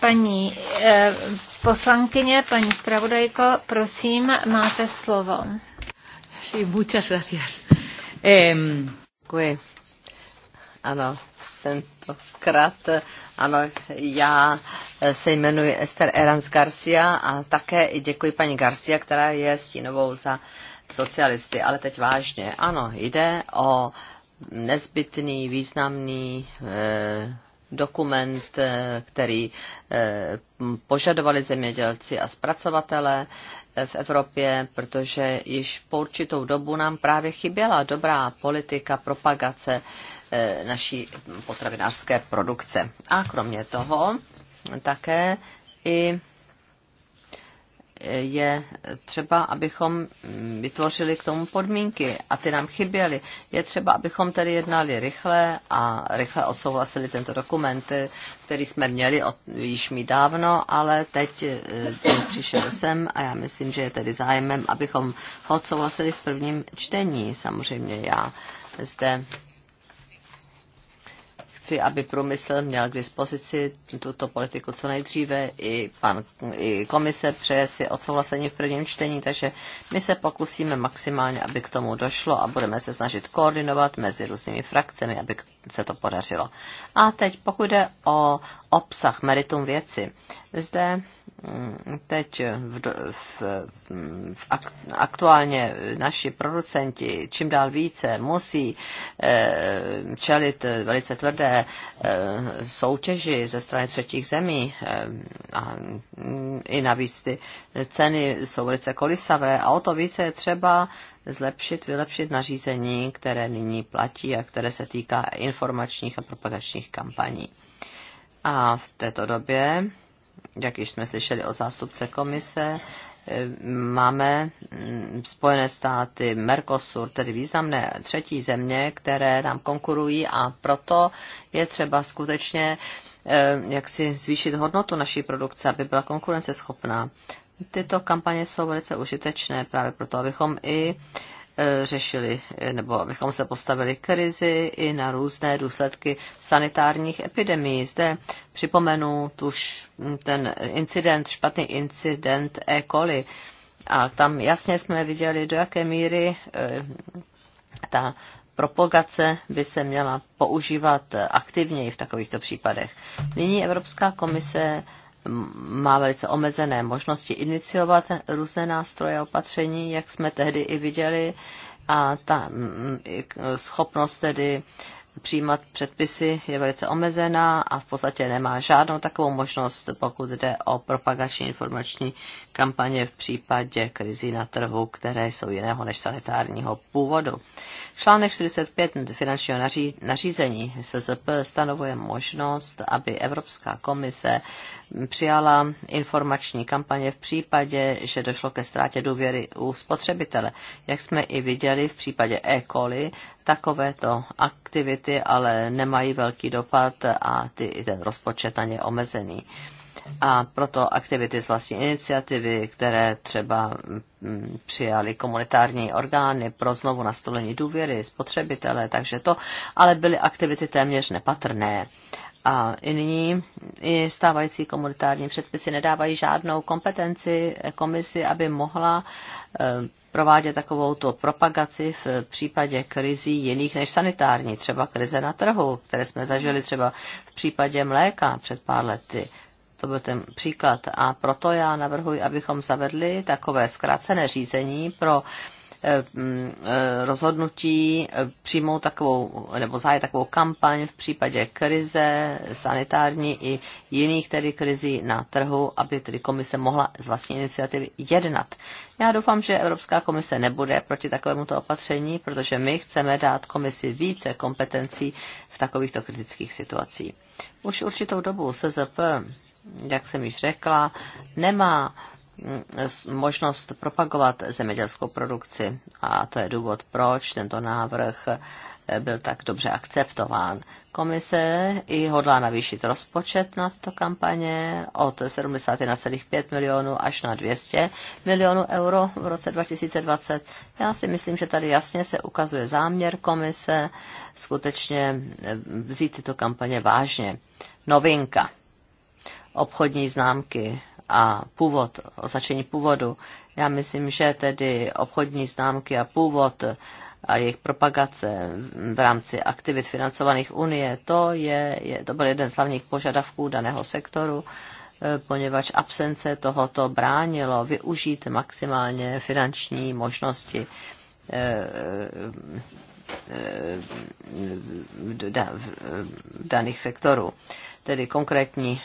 paní eh, poslankyně, paní zpravodajko, prosím, máte slovo. Sí, muchas gracias. Eh, ano, tentokrát, ano, já se jmenuji Esther Erans Garcia a také i děkuji paní Garcia, která je stínovou za socialisty, ale teď vážně. Ano, jde o nezbytný, významný eh, dokument, eh, který eh, požadovali zemědělci a zpracovatele eh, v Evropě, protože již po určitou dobu nám právě chyběla dobrá politika propagace eh, E, naší potravinářské produkce. A kromě toho také i e, je třeba, abychom vytvořili k tomu podmínky a ty nám chyběly. Je třeba, abychom tedy jednali rychle a rychle odsouhlasili tento dokument, e, který jsme měli od, již mi dávno, ale teď přišel jsem a já myslím, že je tedy zájemem abychom ho odsouhlasili v prvním čtení. Samozřejmě já zde chci, aby průmysl měl k dispozici tuto politiku co nejdříve. I, pan, i komise přeje si odsouhlasení v prvním čtení, takže my se pokusíme maximálně, aby k tomu došlo a budeme se snažit koordinovat mezi různými frakcemi, aby se to podařilo. A teď pokud jde o obsah, meritum věci. Zde teď v, v, v aktuálně naši producenti čím dál více musí eh, čelit velice tvrdé eh, soutěži ze strany třetích zemí eh, a i navíc ty ceny jsou velice kolisavé a o to více je třeba zlepšit, vylepšit nařízení, které nyní platí a které se týká informačních a propagačních kampaní. A v této době jak již jsme slyšeli od zástupce komise, máme mm, Spojené státy, Mercosur, tedy významné třetí země, které nám konkurují a proto je třeba skutečně eh, jak si zvýšit hodnotu naší produkce, aby byla konkurenceschopná. Tyto kampaně jsou velice užitečné právě proto, abychom i Eh, řešili eh, nebo abychom se postavili krizi i na různé důsledky sanitárních epidemií. Zde připomenu tuž hm, ten incident, špatný incident E. coli. A tam jasně jsme viděli, do jaké míry eh, ta propagace by se měla používat aktivněji v takovýchto případech. Nyní Evropská komise má velice omezené možnosti iniciovat různé nástroje a opatření, jak jsme tehdy i viděli, a ta mm, schopnost tedy přijímat předpisy je velice omezená a v podstatě nemá žádnou takovou možnost, pokud jde o propagační informační kampaně v případě krizí na trhu, které jsou jiného než sanitárního původu. Článek 45 finančního naří, nařízení SZP stanovuje možnost, aby Evropská komise přijala informační kampaně v případě, že došlo ke ztrátě důvěry u spotřebitele. Jak jsme i viděli v případě E. coli, takovéto aktivity ale nemají velký dopad a ty, ten rozpočet na ně omezený a proto aktivity z vlastní iniciativy, které třeba mm, přijali komunitární orgány pro znovu nastolení důvěry spotřebitele, takže to, ale byly aktivity téměř nepatrné. A i nyní i stávající komunitární předpisy nedávají žádnou kompetenci komisi, aby mohla eh, provádět takovou tu propagaci v případě krizí jiných než sanitární, třeba krize na trhu, které jsme zažili třeba v případě mléka před pár lety. To byl ten příklad. A proto já navrhuji, abychom zavedli takové zkrácené řízení pro eh, mm, eh, rozhodnutí eh, přijmout takovou, nebo zahájit takovou kampaň v případě krize sanitární i jiných tedy krizí na trhu, aby tedy komise mohla z vlastní iniciativy jednat. Já doufám, že Evropská komise nebude proti takovému to opatření, protože my chceme dát komisi více kompetencí v takovýchto kritických situacích. Už určitou dobu SZP jak jsem již řekla, nemá mm, možnost propagovat zemědělskou produkci. A to je důvod, proč tento návrh eh, byl tak dobře akceptován. Komise i hodlá navýšit rozpočet na tyto kampaně od 70 na celých 5 milionů až na 200 milionů euro v roce 2020. Já si myslím, že tady jasně se ukazuje záměr komise skutečně eh, vzít tyto kampaně vážně. Novinka obchodní známky a původ, označení původu. Já myslím, že tedy obchodní známky a původ a jejich propagace v rámci aktivit financovaných Unie, to, je, je, to byl jeden z hlavních požadavků daného sektoru, eh, poněvadž absence tohoto bránilo využít maximálně finanční možnosti eh, eh, daných sektorů, tedy konkrétní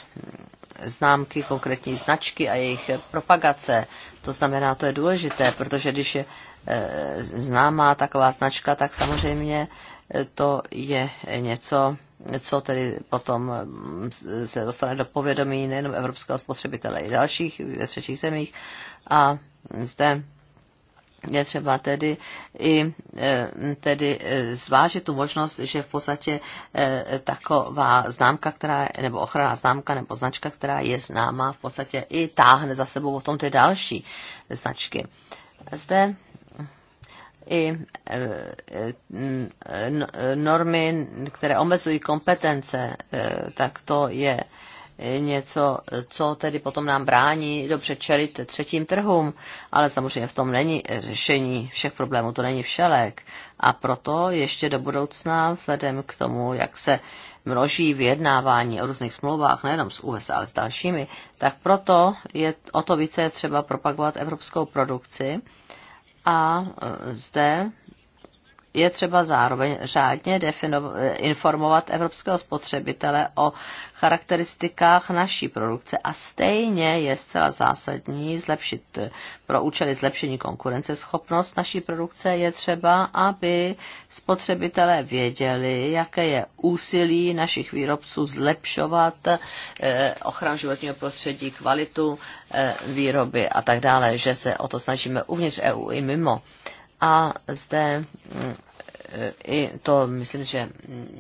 známky, konkrétní značky a jejich propagace. To znamená, to je důležité, protože když je e, známá taková značka, tak samozřejmě e, to je něco, co tedy potom mm, se dostane do povědomí nejenom evropského spotřebitele, i dalších ve třetích zemích. A zde je třeba tedy i e, tedy e, zvážit tu možnost, že v podstatě e, taková známka, která, nebo ochranná známka nebo značka, která je známá, v podstatě i táhne za sebou tom ty další značky. Zde i normy, které omezují kompetence, tak to je něco, co tedy potom nám brání dobře čelit třetím trhům, ale samozřejmě v tom není řešení všech problémů, to není všelek. A proto ještě do budoucna, vzhledem k tomu, jak se množí vyjednávání o různých smlouvách, nejenom s USA, ale s dalšími, tak proto je o to více třeba propagovat evropskou produkci. A e, zde je třeba zároveň řádně informovat evropského spotřebitele o charakteristikách naší produkce a stejně je zcela zásadní zlepšit pro účely zlepšení konkurenceschopnost naší produkce je třeba, aby spotřebitelé věděli, jaké je úsilí našich výrobců zlepšovat eh, ochranu životního prostředí, kvalitu eh, výroby a tak dále, že se o to snažíme uvnitř EU i mimo. A zde mm, i to myslím, že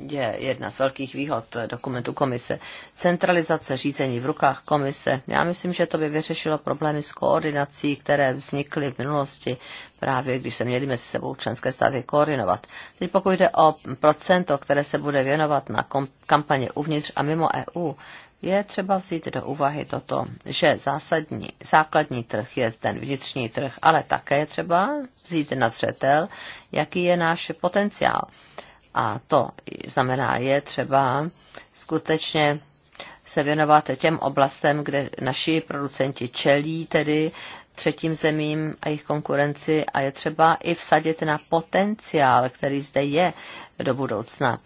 je jedna z velkých výhod dokumentu komise. Centralizace řízení v rukách komise. Já myslím, že to by vyřešilo problémy s koordinací, které vznikly v minulosti, právě když se měli mezi sebou členské státy koordinovat. Teď pokud jde o procento, které se bude věnovat na kampaně uvnitř a mimo EU, je třeba vzít do úvahy toto, že zásadní, základní trh je ten vnitřní trh, ale také je třeba vzít na zřetel, jaký je náš potenciál. A to znamená, je třeba skutečně se věnovat těm oblastem, kde naši producenti čelí, tedy třetím zemím a jejich konkurenci a je třeba i vsadit na potenciál, který zde je do budoucna.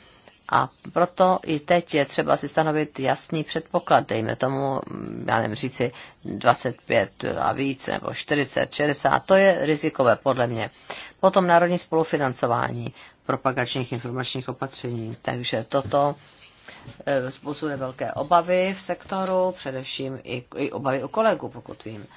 A proto i teď je třeba si stanovit jasný předpoklad, dejme tomu, mm, já nevím říci 25 a více, nebo 40, 60, to je rizikové podle mě. Potom národní spolufinancování propagačních informačních opatření, takže toto e, způsobuje velké obavy v sektoru, především i, i obavy u kolegů, pokud vím.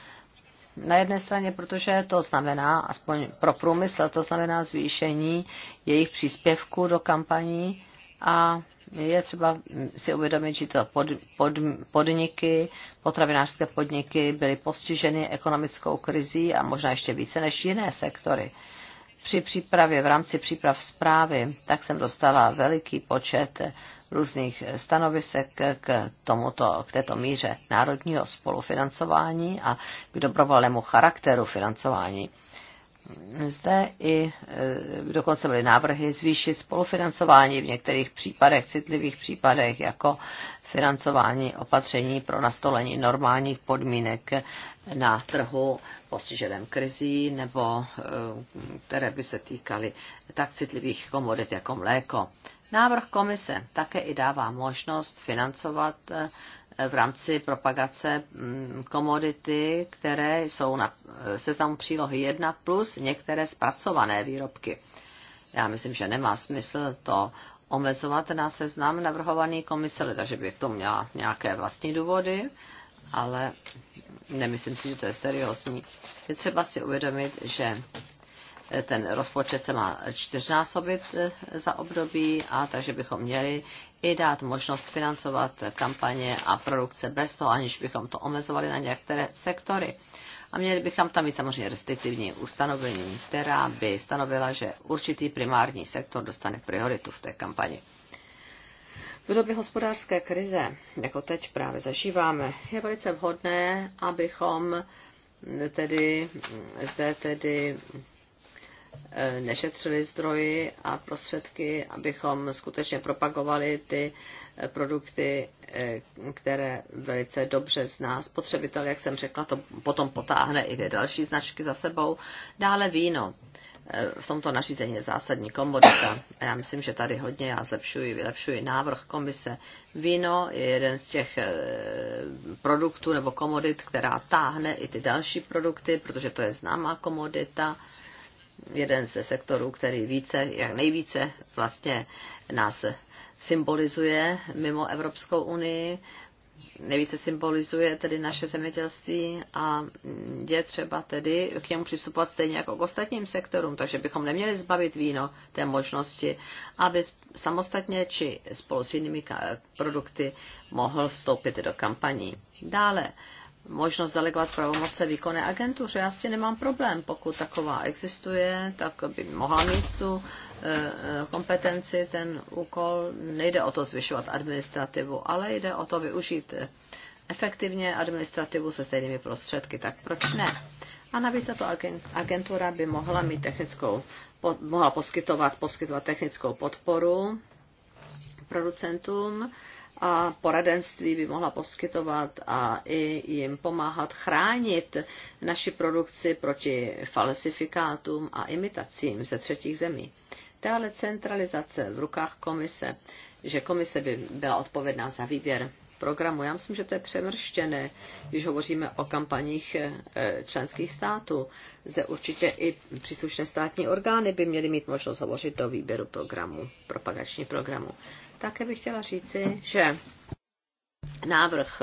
Na jedné straně, protože to znamená, aspoň pro průmysl, to znamená zvýšení jejich příspěvků do kampaní, a je třeba si uvědomit, že to pod, pod, podniky, potravinářské podniky byly postiženy ekonomickou krizí a možná ještě více než jiné sektory. Při přípravě, v rámci příprav zprávy, tak jsem dostala veliký počet různých stanovisek k, tomuto, k této míře národního spolufinancování a k dobrovolnému charakteru financování. Zde i e, dokonce byly návrhy zvýšit spolufinancování v některých případech, citlivých případech, jako financování opatření pro nastolení normálních podmínek na trhu postiženém krizí nebo e, které by se týkaly tak citlivých komodit jako mléko. Návrh komise také i dává možnost financovat eh, v rámci propagace mm, komodity, které jsou na eh, seznamu přílohy 1 plus některé zpracované výrobky. Já myslím, že nemá smysl to omezovat na seznam navrhovaný komise, takže by k tomu měla nějaké vlastní důvody, ale nemyslím si, že to je seriózní. Je třeba si uvědomit, že ten rozpočet se má čtyřnásobit eh, za období, a takže bychom měli i dát možnost financovat kampaně a produkce bez toho, aniž bychom to omezovali na některé sektory. A měli bychom tam mít samozřejmě restriktivní ustanovení, která by stanovila, že určitý primární sektor dostane prioritu v té kampani. V době hospodářské krize, jako teď právě zažíváme, je velice vhodné, abychom tedy zde tedy E, nešetřili zdroji a prostředky, abychom skutečně propagovali ty e, produkty, e, které velice dobře zná spotřebitel, jak jsem řekla, to potom potáhne i ty další značky za sebou. Dále víno. V tomto nařízení je zásadní komodita. Já myslím, že tady hodně já zlepšuji, vylepšuji návrh komise. Víno je jeden z těch produktů nebo komodit, která táhne i ty další produkty, protože to je známá komodita jeden ze sektorů, který více, jak nejvíce vlastně nás symbolizuje mimo Evropskou unii, nejvíce symbolizuje tedy naše zemědělství a je třeba tedy k němu přistupovat stejně jako k ostatním sektorům, takže bychom neměli zbavit víno té možnosti, aby samostatně či spolu s jinými produkty mohl vstoupit do kampaní. Dále možnost delegovat pravomoce výkonné agentuře. Já s tím nemám problém. Pokud taková existuje, tak by mohla mít tu e, e, kompetenci, ten úkol. Nejde o to zvyšovat administrativu, ale jde o to využít efektivně administrativu se stejnými prostředky. Tak proč ne? A navíc tato agentura by mohla mít technickou, mohla poskytovat, poskytovat technickou podporu producentům, a poradenství by mohla poskytovat a i jim pomáhat chránit naši produkci proti falsifikátům a imitacím ze třetích zemí. Dále centralizace v rukách komise, že komise by byla odpovědná za výběr programu. Já myslím, že to je přemrštěné, když hovoříme o kampaních eh, členských států. Zde určitě i příslušné státní orgány by měly mít možnost hovořit do výběru programu, propagační programu. Také bych chtěla říci, že návrh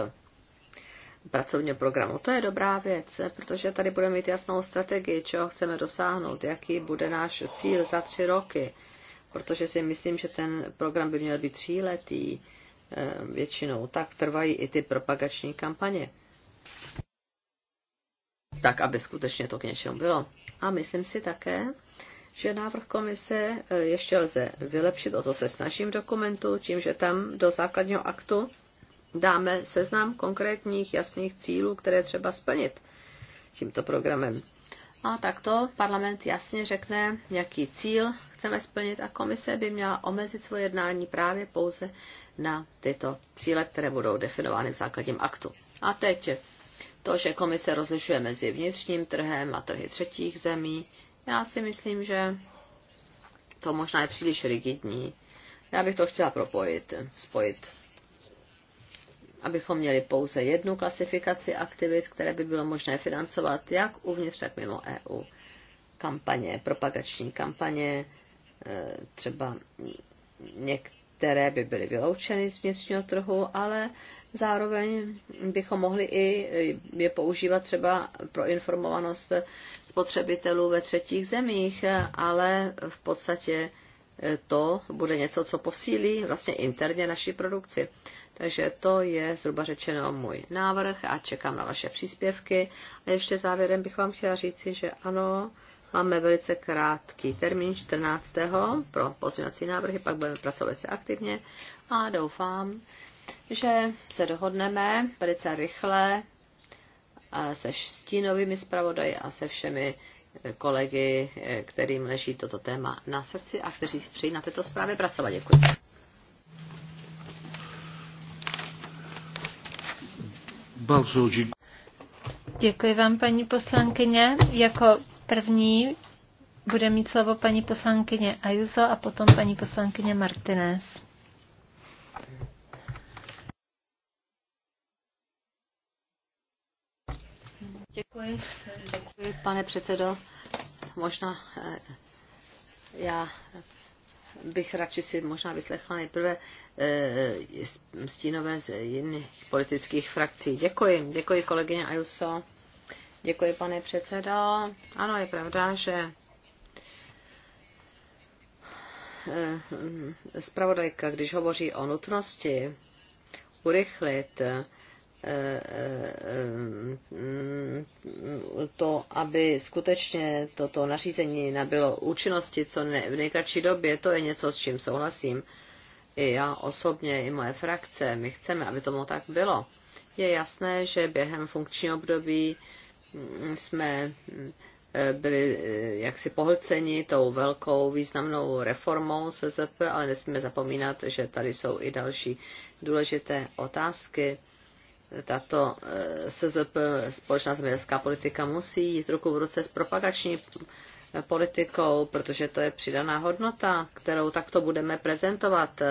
pracovního programu. To je dobrá věc, protože tady budeme mít jasnou strategii, čeho chceme dosáhnout, jaký bude náš cíl za tři roky, protože si myslím, že ten program by měl být tříletý. letý Eh, většinou, tak trvají i ty propagační kampaně. Tak, aby skutečně to k něčemu bylo. A myslím si také, že návrh komise eh, ještě lze vylepšit, o to se snažím dokumentu, tím, že tam do základního aktu dáme seznam konkrétních jasných cílů, které třeba splnit tímto programem. A takto parlament jasně řekne, jaký cíl chceme splnit a komise by měla omezit svoje jednání právě pouze na tyto cíle, které budou definovány v základním aktu. A teď to, že komise rozlišuje mezi vnitřním trhem a trhy třetích zemí, já si myslím, že to možná je příliš rigidní. Já bych to chtěla propojit, spojit abychom měli pouze jednu klasifikaci aktivit, které by bylo možné financovat jak uvnitř, tak mimo EU. Kampaně, propagační kampaně, třeba některé by byly vyloučeny z vnitřního trhu, ale zároveň bychom mohli i je používat třeba pro informovanost spotřebitelů ve třetích zemích, ale v podstatě eh, to bude něco, co posílí vlastně interně naši produkci. Takže to je zhruba řečeno můj návrh a čekám na vaše příspěvky. A ještě závěrem bych vám chtěla říci, že ano, Máme velice krátký termín 14. pro pozměňovací návrhy, pak budeme pracovat se aktivně a doufám, že se dohodneme velice rychle se stínovými zpravodaji a se všemi eh, kolegy, eh, kterým leží toto téma na srdci a kteří si přijí na této zprávě pracovat. Děkuji. Děkuji vám, paní poslankyně. Jako První bude mít slovo paní poslankyně Ajuso a potom paní poslankyně Martinez. Děkuji. Děkuji, pane předsedo. Možná eh, já bych radši si možná vyslechla nejprve eh, stínové z jiných politických frakcí. Děkuji, děkuji kolegyně Ajuso Děkuji, pane předseda. Ano, je pravda, že eh, zpravodajka, když hovoří o nutnosti urychlit eh, eh, to, aby skutečně toto nařízení nabylo účinnosti co ne, v nejkratší době, to je něco, s čím souhlasím. I já osobně, i moje frakce, my chceme, aby tomu tak bylo. Je jasné, že během funkčního období jsme eh, byli eh, jaksi pohlceni tou velkou významnou reformou SZP, ale nesmíme zapomínat, že tady jsou i další důležité otázky. Tato eh, SZP, společná zemědělská politika, musí jít ruku v ruce s propagační politikou, protože to je přidaná hodnota, kterou takto budeme prezentovat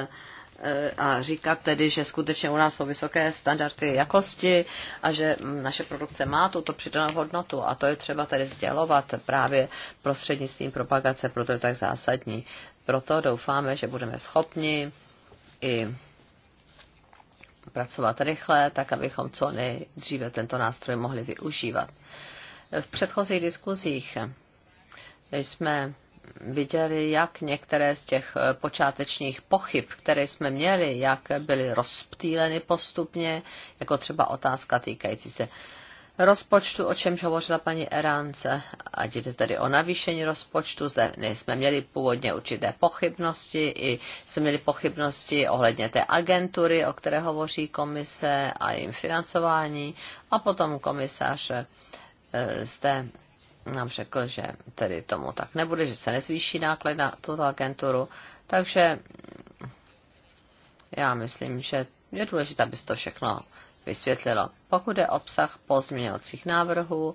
Eh, a říkat tedy, že skutečně u nás jsou vysoké standardy jakosti a že naše produkce má tuto přidanou hodnotu a to je třeba tedy sdělovat právě prostřednictvím propagace, proto je tak zásadní. Proto doufáme, že budeme schopni i pracovat rychle, tak abychom co nejdříve tento nástroj mohli využívat. V předchozích diskuzích jsme viděli, jak některé z těch eh, počátečních pochyb, které jsme měli, jak byly rozptýleny postupně, jako třeba otázka týkající se rozpočtu, o čemž hovořila paní Erance, ať jde tedy o navýšení rozpočtu, zde jsme měli původně určité pochybnosti, i jsme měli pochybnosti ohledně té agentury, o které hovoří komise a jejím financování, a potom komisař eh, zde nám řekl, že tedy tomu tak nebude, že se nezvýší náklad na tuto agenturu. Takže já myslím, že je důležité, aby se to všechno vysvětlilo. Pokud je obsah pozměňovacích návrhů,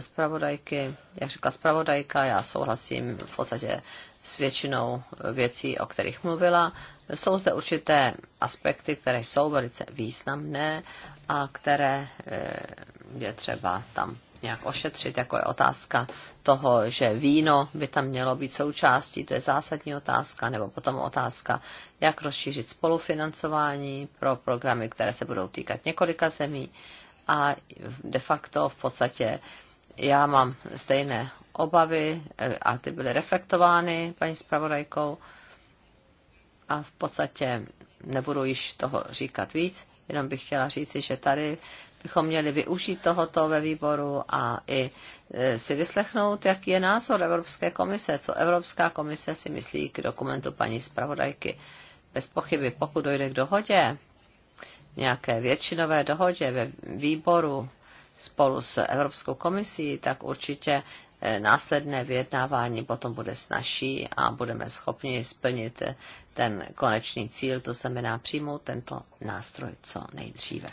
zpravodajky, jak řekla zpravodajka, já souhlasím v podstatě s většinou věcí, o kterých mluvila. Jsou zde určité aspekty, které jsou velice významné a které eh, je třeba tam nějak ošetřit, jako je otázka toho, že víno by tam mělo být součástí, to je zásadní otázka, nebo potom otázka, jak rozšířit spolufinancování pro programy, které se budou týkat několika zemí. A de facto v podstatě já mám stejné obavy eh, a ty byly reflektovány paní zpravodajkou a v podstatě nebudu již toho říkat víc, jenom bych chtěla říci, že tady bychom měli využít tohoto ve výboru a i e, si vyslechnout, jaký je názor Evropské komise, co Evropská komise si myslí k dokumentu paní zpravodajky. Bez pochyby, pokud dojde k dohodě, nějaké většinové dohodě ve výboru spolu s Evropskou komisí, tak určitě e, následné vyjednávání potom bude snažší a budeme schopni splnit e, ten konečný cíl, to znamená přijmout tento nástroj co nejdříve.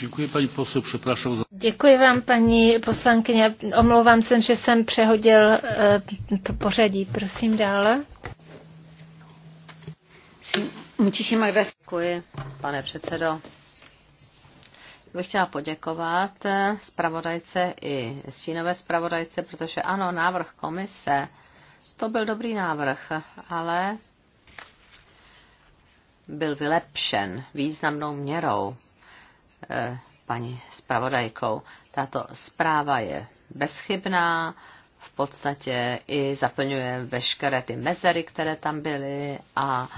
Děkuji, paní poslu, přepraszam za... Děkuji vám, paní poslankyně. Omlouvám se, že jsem přehodil eh, to pořadí. Prosím dále. Muchísimas gracias. Děkuji, pane předsedo. Bych chtěla poděkovat eh, zpravodajce i stínové zpravodajce, protože ano, návrh komise, to byl dobrý návrh, ale byl vylepšen významnou měrou Eh, paní zpravodajkou. Tato zpráva je bezchybná, v podstatě i zaplňuje veškeré ty mezery, které tam byly a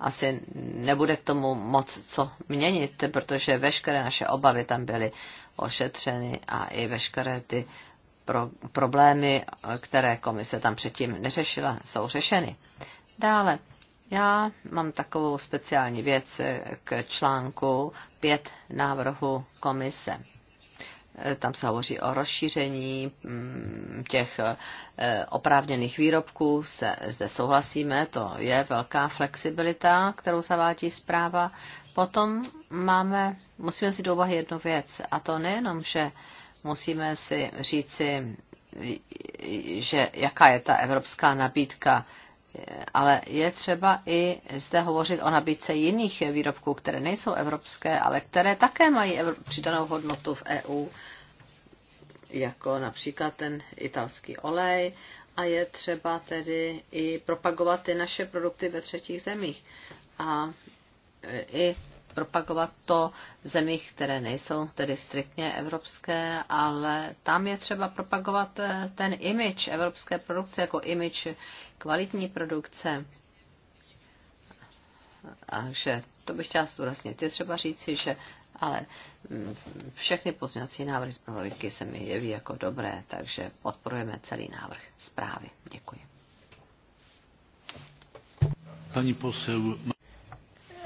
asi nebude k tomu moc co měnit, protože veškeré naše obavy tam byly ošetřeny a i veškeré ty pro, problémy, které komise tam předtím neřešila, jsou řešeny. Dále já mám takovou speciální věc k článku 5 návrhu komise. Tam se hovoří o rozšíření mm, těch e, oprávněných výrobků. Se, zde souhlasíme, to je velká flexibilita, kterou zavádí zpráva. Potom máme, musíme si do jednu věc, a to nejenom, že musíme si říci, že jaká je ta evropská nabídka ale je třeba i zde hovořit o nabídce jiných výrobků, které nejsou evropské, ale které také mají přidanou hodnotu v EU, jako například ten italský olej, a je třeba tedy i propagovat ty naše produkty ve třetích zemích a e, i propagovat to v zemích, které nejsou tedy striktně evropské, ale tam je třeba propagovat e, ten image evropské produkce jako image kvalitní produkce. Takže to bych chtěla zdůraznit. Je třeba říci, že ale mm, všechny pozměňovací návrhy z prohlídky se mi jeví jako dobré, takže podporujeme celý návrh zprávy. Děkuji. Paní posel...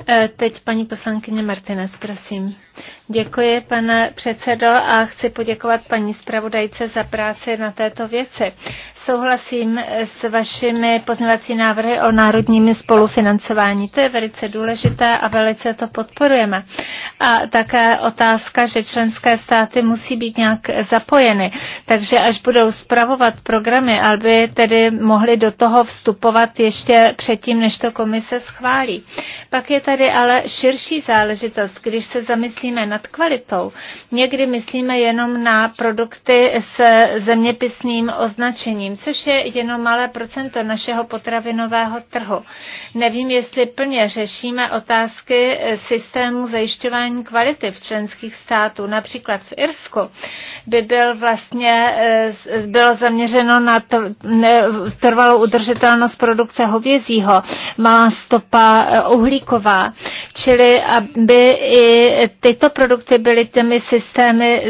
Eh, teď paní poslankyně Martinez, prosím. Děkuji, pane předsedo, a chci poděkovat paní zpravodajce za práci na této věci. Souhlasím s vašimi pozměvací návrhy o národním spolufinancování. To je velice důležité a velice to podporujeme. A také otázka, že členské státy musí být nějak zapojeny. Takže až budou zpravovat programy, aby tedy mohli do toho vstupovat ještě předtím, než to komise schválí. Pak je tady ale širší záležitost, když se zamyslí myslíme nad kvalitou. Někdy myslíme jenom na produkty s zeměpisným označením, což je jenom malé procento našeho potravinového trhu. Nevím, jestli plně řešíme otázky systému zajišťování kvality v členských států. Například v Irsku by byl vlastně, eh, bylo zaměřeno na trvalou udržitelnost produkce hovězího, malá stopa eh, uhlíková, čili aby i ty tyto produkty byly těmi systémy,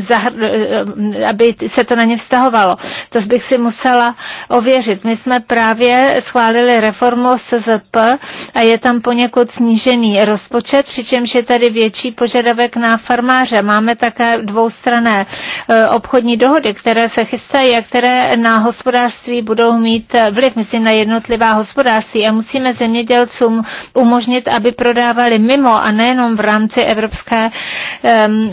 eh, eh, aby se to na ně vztahovalo. To bych si musela ověřit. My jsme právě schválili reformu SZP a je tam poněkud snížený rozpočet, přičemž je tady větší požadavek na farmáře. Máme také dvoustrané eh, obchodní dohody, které se chystají a které na hospodářství budou mít vliv, myslím na jednotlivá hospodářství a musíme zemědělcům umožnit, aby prodávali mimo a nejenom v rámci Evropské um,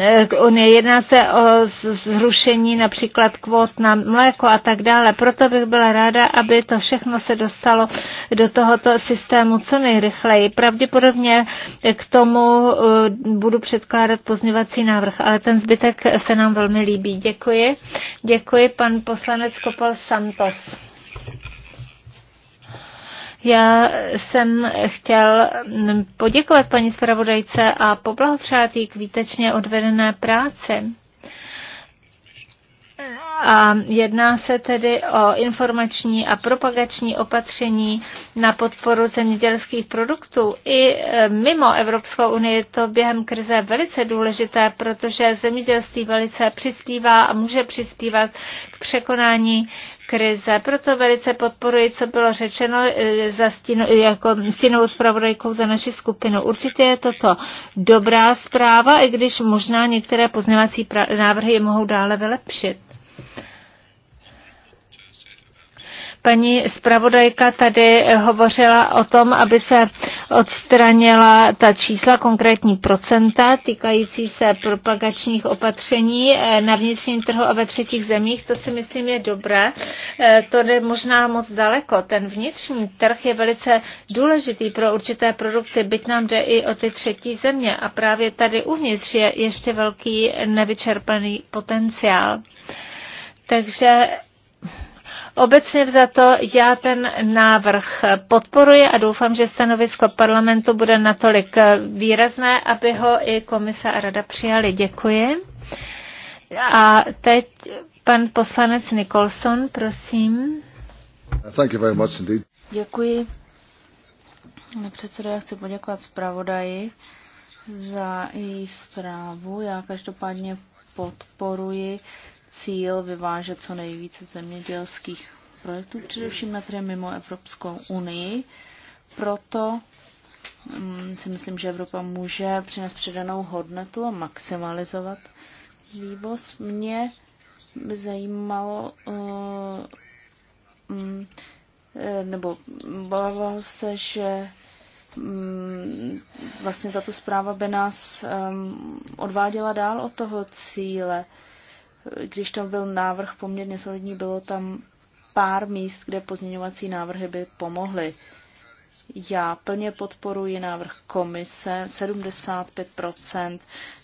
unie. Jedná se o zrušení například kvót na mléko a tak dále. Proto bych byla ráda, aby to všechno se dostalo do tohoto systému co nejrychleji. Pravděpodobně k tomu eh, budu předkládat pozměvací návrh, ale ten zbytek se nám velmi líbí. Děkuji. Děkuji pan poslanec Kopal Santos. Já jsem chtěl poděkovat paní zpravodajce a poblahopřát jí k výtečně odvedené práci. A jedná se tedy o informační a propagační opatření na podporu zemědělských produktů. I e, mimo Evropskou unii to během krize velice důležité, protože zemědělství velice přispívá a může přispívat k překonání krize. Proto velice podporuji, co bylo řečeno e, za stínu, jako stínovou zpravodajkou za naši skupinu. Určitě je toto dobrá zpráva, i když možná některé pozměvací návrhy je mohou dále vylepšit. Paní zpravodajka tady hovořila o tom, aby se odstranila ta čísla, konkrétní procenta týkající se propagačních opatření eh, na vnitřním trhu a ve třetích zemích. To si myslím je dobré. Eh, to jde možná moc daleko. Ten vnitřní trh je velice důležitý pro určité produkty, byť nám jde i o ty třetí země. A právě tady uvnitř je ještě velký nevyčerpaný potenciál. Takže Obecně vzato já ten návrh podporuji a doufám, že stanovisko parlamentu bude natolik výrazné, aby ho i komise a rada přijali. Děkuji. A teď pan poslanec Nicholson, prosím. Thank you very much indeed. Děkuji. Pane předsedo, já chci poděkovat zpravodaji za její zprávu. Já každopádně podporuji cíl vyvážet co nejvíce zemědělských projektů, především na trhy mimo Evropskou unii. Proto mm, si myslím, že Evropa může přinést přidanou hodnotu a maximalizovat vývoz. Mě by zajímalo, eh, mm, eh, nebo bavil se, že mm, vlastně tato zpráva by nás eh, odváděla dál od toho cíle když tam byl návrh poměrně solidní, bylo tam pár míst, kde pozměňovací návrhy by pomohly. Já plně podporuji návrh komise 75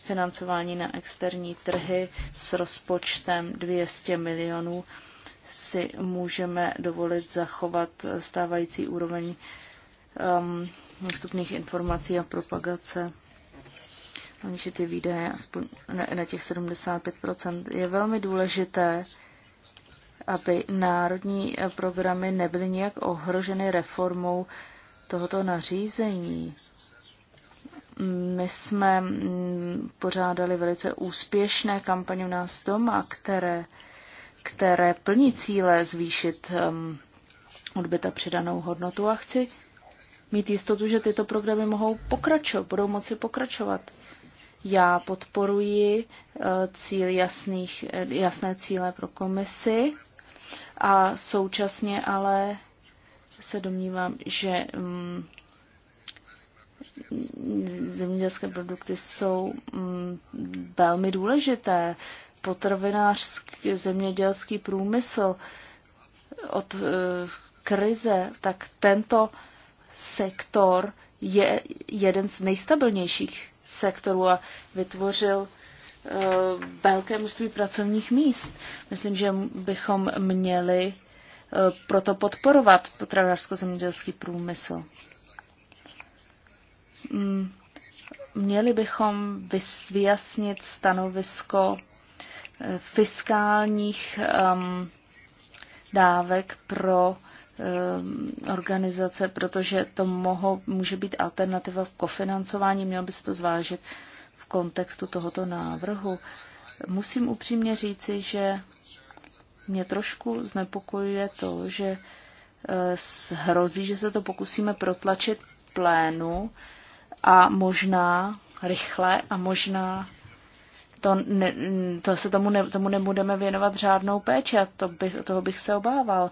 financování na externí trhy s rozpočtem 200 milionů si můžeme dovolit zachovat stávající úroveň um, vstupných informací a propagace že ty výdaje aspoň na těch 75% je velmi důležité, aby národní programy nebyly nějak ohroženy reformou tohoto nařízení. My jsme mm, pořádali velice úspěšné kampaně u nás doma, které, které plní cíle zvýšit um, odbyta přidanou hodnotu a chci mít jistotu, že tyto programy mohou pokračovat, budou moci pokračovat. Já podporuji eh, cíl jasných, eh, jasné cíle pro komisi a současně ale se domnívám, že mm, zemědělské produkty jsou mm, velmi důležité. Potravinářský zemědělský průmysl od e, krize, tak tento sektor je jeden z nejstabilnějších sektoru a vytvořil eh, velké množství pracovních míst. Myslím, že bychom měli eh, proto podporovat potravinářsko-zemědělský průmysl. Mm, měli bychom vyjasnit stanovisko eh, fiskálních ehm, dávek pro Eh, organizace, protože to moho, může být alternativa k kofinancování, mělo by se to zvážit v kontextu tohoto návrhu. Musím upřímně říci, že mě trošku znepokojuje to, že eh, hrozí, že se to pokusíme protlačit plénu a možná rychle a možná to, ne, to se tomu, ne, tomu nebudeme věnovat řádnou péči a to bych, toho bych se obával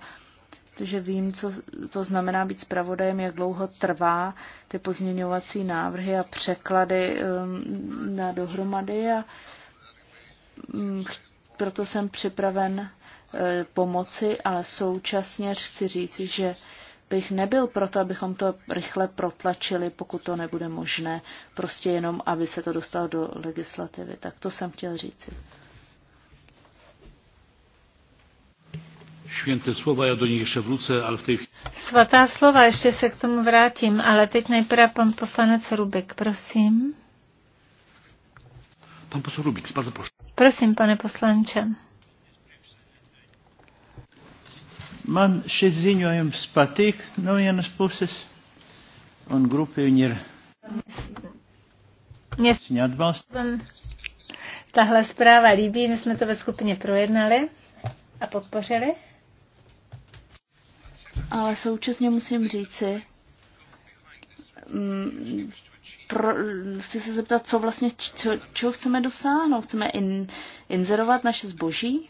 protože vím, co to znamená být zpravodajem, jak dlouho trvá ty pozměňovací návrhy a překlady um, na dohromady a mm, proto jsem připraven uh, pomoci, ale současně chci říci, že bych nebyl proto, abychom to rychle protlačili, pokud to nebude možné, prostě jenom, aby se to dostalo do legislativy. Tak to jsem chtěl říci. Święte słowa, do nich ale Svatá slova, ještě se k tomu vrátím, ale teď nejprve pan poslanec Rubik, prosím. Pan poslanec Rubik, bardzo proszę. Prosím, pane poslanče. Man šis ziņojums patīk no vienas puses, on grupy viņi ir Mě... Mě... Tahle zpráva líbí, my jsme to ve skupině projednali a podpořili ale současně musím říci, mm, pro, chci se zeptat, co vlastně, co, čeho chceme dosáhnout. Chceme in, inzerovat naše zboží,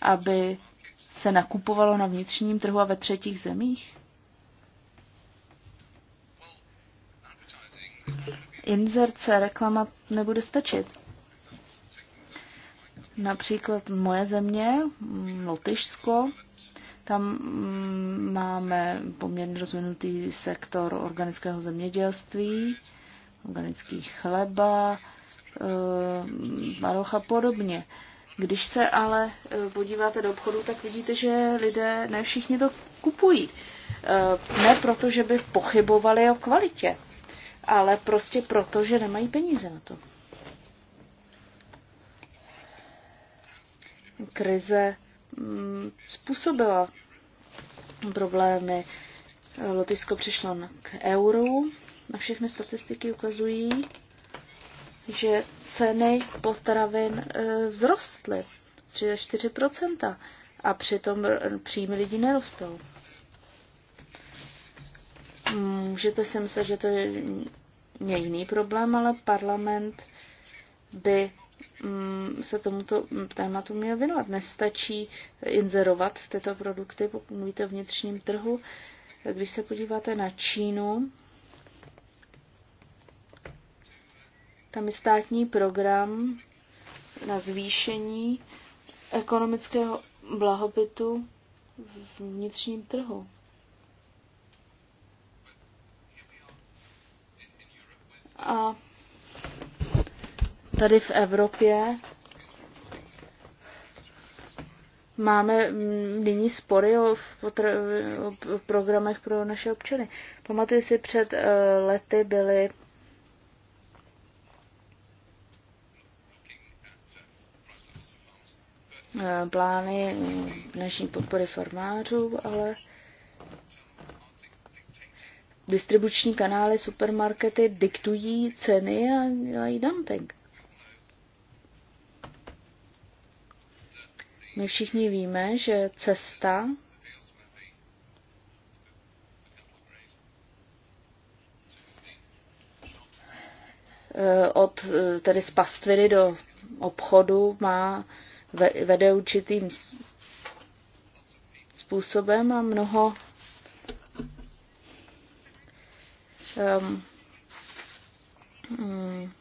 aby se nakupovalo na vnitřním trhu a ve třetích zemích? Inzerce, reklama nebude stačit. Například moje země, Lotyšsko, tam mm, máme poměrně rozvinutý sektor organického zemědělství, organický chleba, eh, maroch a podobně. Když se ale eh, podíváte do obchodu, tak vidíte, že lidé, ne všichni to kupují. Eh, ne proto, že by pochybovali o kvalitě, ale prostě proto, že nemají peníze na to. Krize Mm, způsobila problémy. Lotyšsko přišlo k euru a všechny statistiky ukazují, že ceny potravin e, vzrostly 34% a přitom příjmy lidí nerostou. Můžete si myslet, že to je jiný problém, ale parlament by Mm, se tomuto tématu měl věnovat. Nestačí inzerovat tyto produkty, pokud mluvíte o vnitřním trhu. Když se podíváte na Čínu, tam je státní program na zvýšení ekonomického blahobytu v vnitřním trhu. A Tady v Evropě máme mm, nyní spory o, potr- o programech pro naše občany. Pamatuju si, před eh, lety byly eh, plány dnešní podpory farmářů, ale distribuční kanály, supermarkety diktují ceny a dělají dumping. My všichni víme, že cesta eh, od eh, tedy z pastviny do obchodu má vede určitým způsobem a mnoho um, um,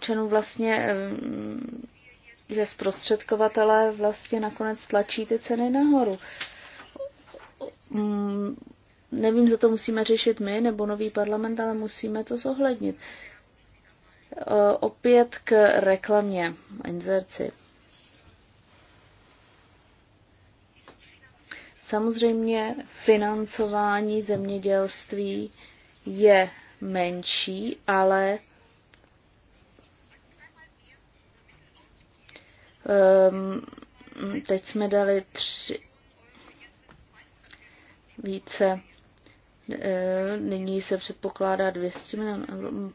členů vlastně um, že zprostředkovatelé vlastně nakonec tlačí ty ceny nahoru. Mm, nevím, za to musíme řešit my nebo nový parlament, ale musíme to zohlednit. E, opět k reklamě, inzerci. Samozřejmě financování zemědělství je menší, ale Ehm, teď jsme dali tři více. Ehm, nyní se předpokládá 200 milionů.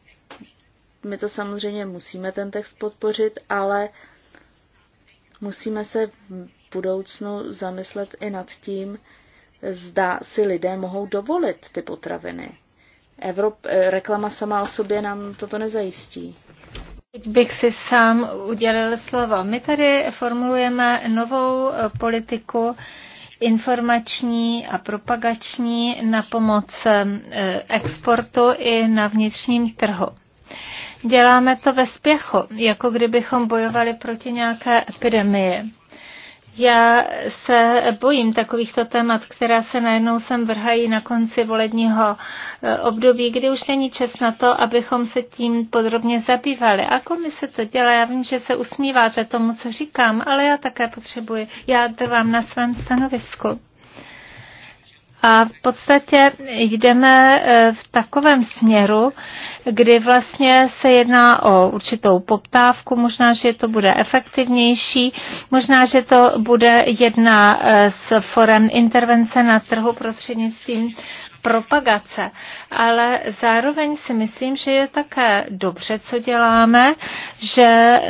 My to samozřejmě musíme ten text podpořit, ale musíme se v budoucnu zamyslet i nad tím, zda si lidé mohou dovolit ty potraviny. Evrop, eh, reklama sama o sobě nám toto nezajistí. Teď bych si sám udělil slovo. My tady formulujeme novou eh, politiku informační a propagační na pomoc eh, exportu i na vnitřním trhu. Děláme to ve spěchu, jako kdybychom bojovali proti nějaké epidemii. Já se bojím takovýchto témat, která se najednou sem vrhají na konci volebního eh, období, kdy už není čas na to, abychom se tím podrobně zabývali. A komise to dělá, já vím, že se usmíváte tomu, co říkám, ale já také potřebuji, já trvám na svém stanovisku. A v podstatě jdeme e, v takovém směru, kdy vlastně se jedná o určitou poptávku, možná, že to bude efektivnější, možná, že to bude jedna e, z forem intervence na trhu prostřednictvím propagace, ale zároveň si myslím, že je také dobře, co děláme, že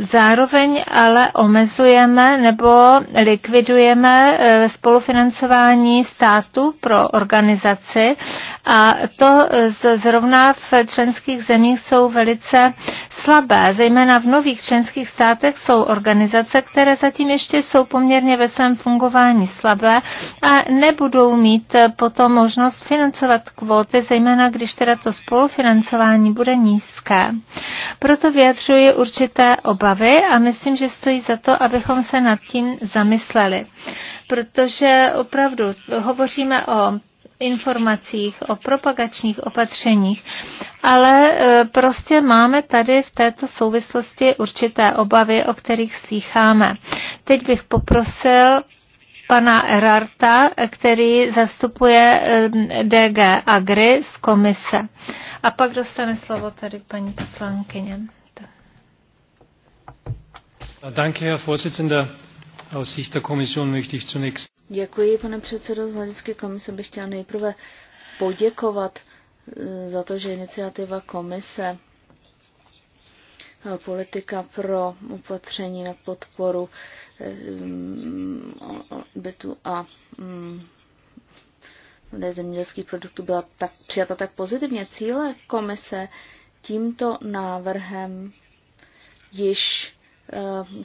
zároveň ale omezujeme nebo likvidujeme e, spolufinancování státu pro organizaci a to e, zrovna v členských zemích jsou velice slabé. Zejména v nových členských státech jsou organizace, které zatím ještě jsou poměrně ve svém fungování slabé a nebudou mít e, potom možnost možnost financovat kvóty, zejména když teda to spolufinancování bude nízké. Proto vyjadřuje určité obavy a myslím, že stojí za to, abychom se nad tím zamysleli. Protože opravdu hovoříme o informacích, o propagačních opatřeních, ale e, prostě máme tady v této souvislosti určité obavy, o kterých slycháme. Teď bych poprosil pana Erarta, který zastupuje DG Agri z komise. A pak dostane slovo tady paní poslankyně. Děkuji, pane předsedo. Z hlediska komise bych chtěla nejprve poděkovat eh, za to, že iniciativa komise eh, politika pro opatření na podporu bytu a mm, zemědělských produktů byla tak, přijata tak pozitivně. Cíle komise tímto návrhem již eh,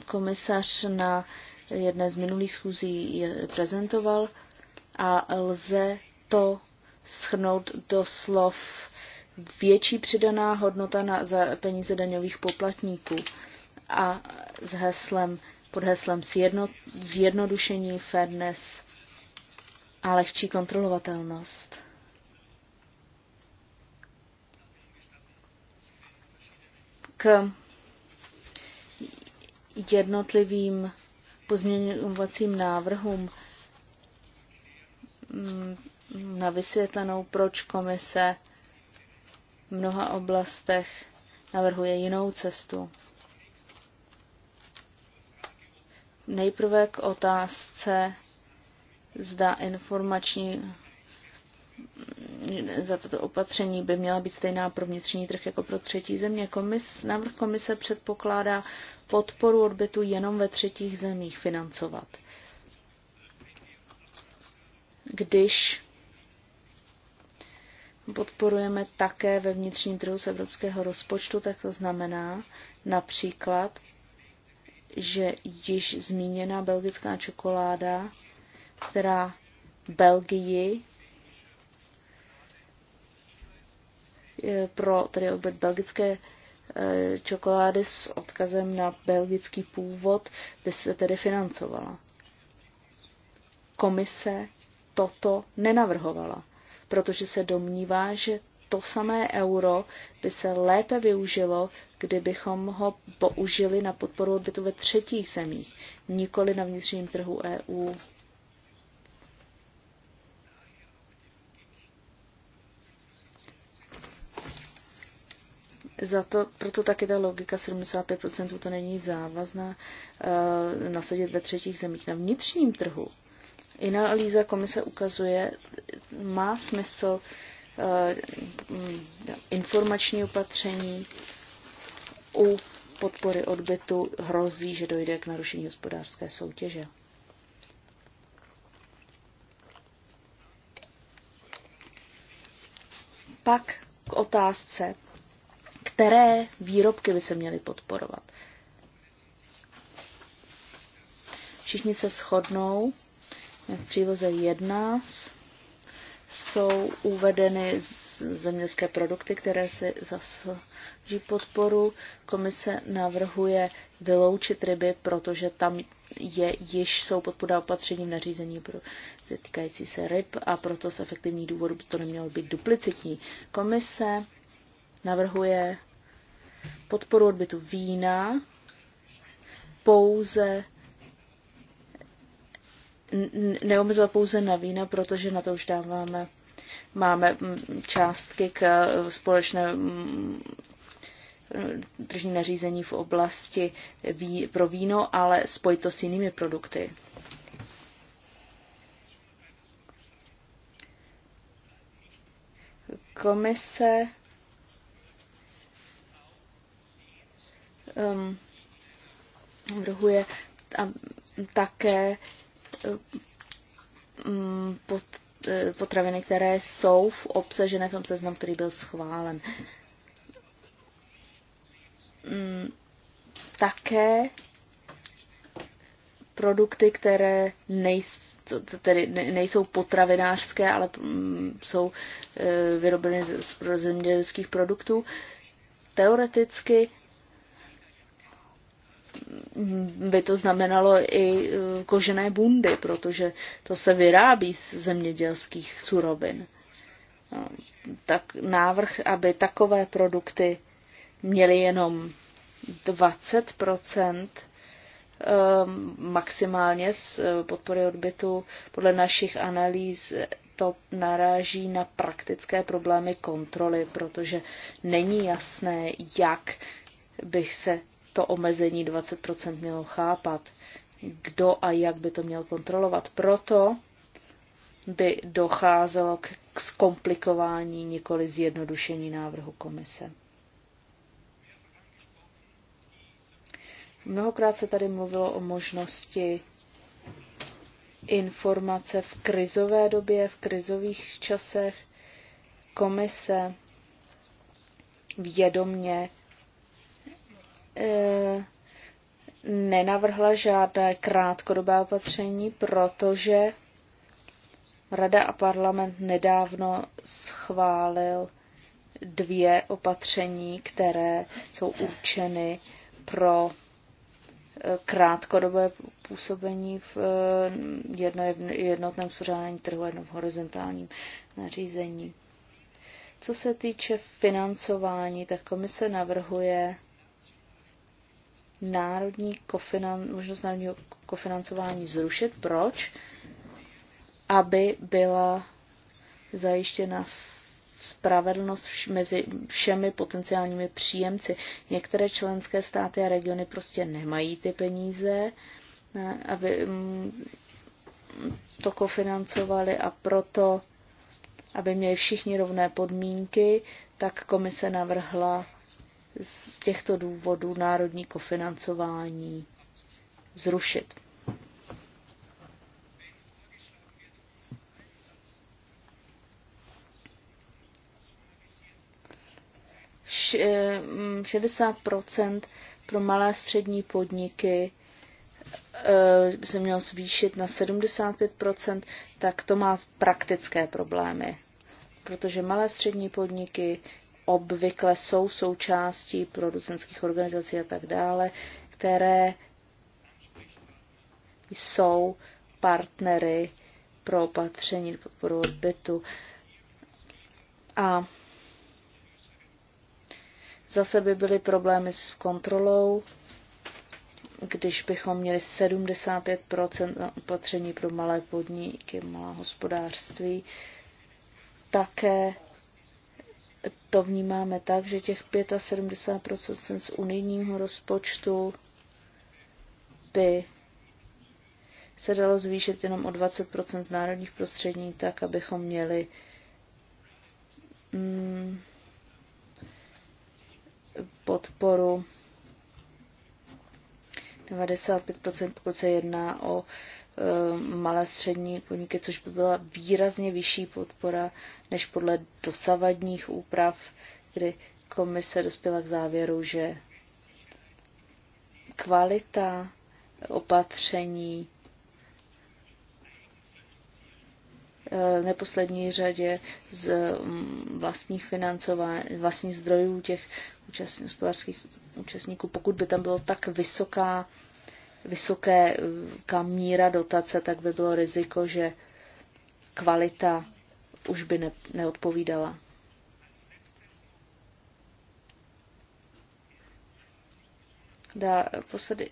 komisař na jedné z minulých schůzí je prezentoval a lze to schrnout do slov větší přidaná hodnota na, za peníze daňových poplatníků a s heslem pod heslem zjedno, zjednodušení, fairness a lehčí kontrolovatelnost. K jednotlivým pozměňovacím návrhům mm, na vysvětlenou, proč komise v mnoha oblastech navrhuje jinou cestu. Nejprve k otázce, zda informační za toto opatření by měla být stejná pro vnitřní trh jako pro třetí země. Komis, návrh komise předpokládá podporu odbytu jenom ve třetích zemích financovat. Když podporujeme také ve vnitřním trhu z evropského rozpočtu, tak to znamená například že již zmíněná belgická čokoláda, která Belgii eh, pro tedy obět belgické eh, čokolády s odkazem na belgický původ by se tedy financovala. Komise toto nenavrhovala, protože se domnívá, že to samé euro by se lépe využilo, kdybychom ho použili na podporu odbytu ve třetích zemích, nikoli na vnitřním trhu EU. Za to, proto taky ta logika 75% to není závazná e, nasadit ve třetích zemích. Na vnitřním trhu i analýza komise ukazuje, má smysl e, Eh, informační opatření. U podpory odbytu hrozí, že dojde k narušení hospodářské soutěže. Pak k otázce, které výrobky by se měly podporovat. Všichni se shodnou v příloze 1 jsou uvedeny zemědělské produkty, které si zaslouží podporu. Komise navrhuje vyloučit ryby, protože tam je, již jsou podpora opatření v nařízení pro týkající se ryb a proto z efektivních důvodů by to nemělo být duplicitní. Komise navrhuje podporu odbytu vína pouze neomezovat pouze na vína, protože na to už dáváme, máme částky k eh, společné tržní nařízení v oblasti ví, pro víno, ale spojit to s jinými produkty. Komise um, navrhuje a, také Eh, mm, eh, potraviny, které jsou v obsažené v tom seznamu, který byl schválen. Mm, také produkty, které nejsou tedy nejsou potravinářské, ale mm, jsou eh, vyrobeny z zemědělských produktů. Teoreticky by to znamenalo i e, kožené bundy, protože to se vyrábí z zemědělských surovin. E, tak návrh, aby takové produkty měly jenom 20 e, maximálně z podpory odbytu, podle našich analýz to naráží na praktické problémy kontroly, protože není jasné, jak bych se to omezení 20% mělo chápat. Kdo a jak by to měl kontrolovat? Proto by docházelo k, zkomplikování, nikoli zjednodušení návrhu komise. Mnohokrát se tady mluvilo o možnosti informace v krizové době, v krizových časech. Komise vědomně Eh, nenavrhla žádné krátkodobé opatření, protože Rada a parlament nedávno schválil dvě opatření, které jsou určeny pro eh, krátkodobé působení v eh, jedno, jednotném spořádání trhu, jedno v horizontálním nařízení. Co se týče financování, tak komise navrhuje národní kofinan, možnost národního kofinancování zrušit. Proč? Aby byla zajištěna spravedlnost vš- mezi všemi potenciálními příjemci. Některé členské státy a regiony prostě nemají ty peníze, aby mm, to kofinancovali a proto, aby měli všichni rovné podmínky, tak komise navrhla z těchto důvodů národní kofinancování zrušit. Š, 60% eh, pro malé střední podniky by eh, se mělo zvýšit na 75%, tak to má praktické problémy, protože malé střední podniky obvykle jsou součástí producentských organizací a tak dále, které jsou partnery pro opatření pro odbytu. A zase by byly problémy s kontrolou, když bychom měli 75 opatření pro malé podniky, malé hospodářství, také to vnímáme tak, že těch 75% z unijního rozpočtu by se dalo zvýšit jenom o 20% z národních prostřední, tak abychom měli mm, podporu 95%, pokud se jedná o Eh, malé střední podniky, což by byla výrazně vyšší podpora než podle dosavadních úprav, kdy komise dospěla k závěru, že kvalita opatření eh, neposlední řadě z mm, vlastních financování, vlastních zdrojů těch účastníků, hospodářských účastníků, pokud by tam bylo tak vysoká vysoké kamíra dotace, tak by bylo riziko, že kvalita už by ne, neodpovídala. Da, posledy,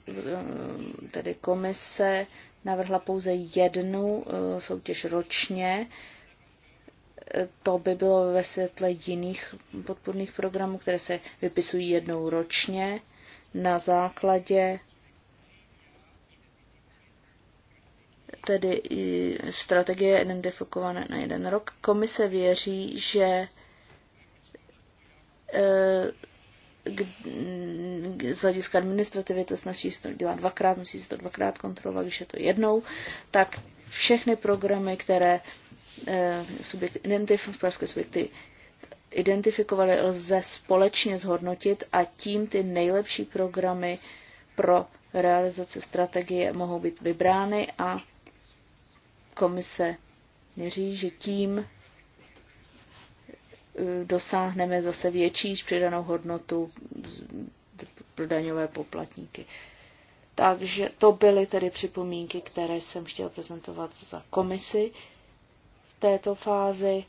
tedy komise navrhla pouze jednu eh, soutěž ročně. To by bylo ve světle jiných podpůrných programů, které se vypisují jednou ročně na základě tedy i strategie identifikované na jeden rok. Komise věří, že e, z hlediska administrativy to snaží se to dělat dvakrát, musí se to dvakrát kontrolovat, když je to jednou, tak všechny programy, které e, subjekty, identifikované subjekty identifikovali, lze společně zhodnotit a tím ty nejlepší programy pro realizaci strategie mohou být vybrány a Komise měří, že tím e, dosáhneme zase větší přidanou hodnotu pro daňové poplatníky. Takže to byly tedy připomínky, které jsem chtěl prezentovat za komisi v této fázi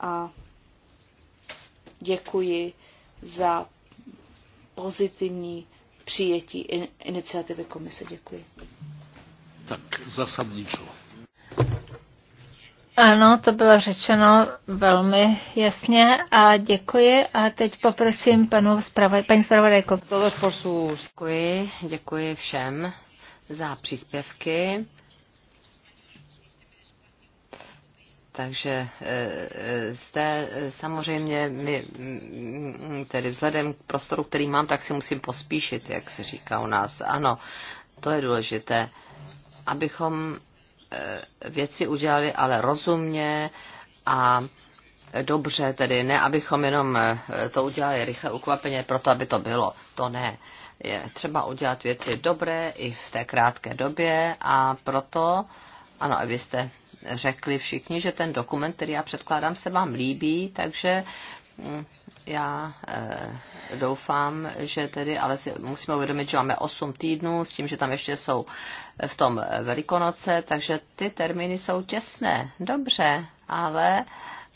a děkuji za pozitivní přijetí iniciativy komise. Děkuji. Tak zasadničo. Ano, to bylo řečeno velmi jasně a děkuji. A teď poprosím panu zpravaj, paní zpravodajko. Děkuji, děkuji všem za příspěvky. Takže e, e, zde e, samozřejmě my, tedy vzhledem k prostoru, který mám, tak si musím pospíšit, jak se říká u nás. Ano, to je důležité, abychom Eh, věci udělali, ale rozumně a dobře, tedy ne, abychom jenom eh, to udělali rychle ukvapeně, proto aby to bylo, to ne. Je třeba udělat věci dobré i v té krátké době a proto, ano, a vy jste řekli všichni, že ten dokument, který já předkládám, se vám líbí, takže já eh, doufám, že tedy, ale si musíme uvědomit, že máme 8 týdnů s tím, že tam ještě jsou v tom Velikonoce, takže ty termíny jsou těsné. Dobře, ale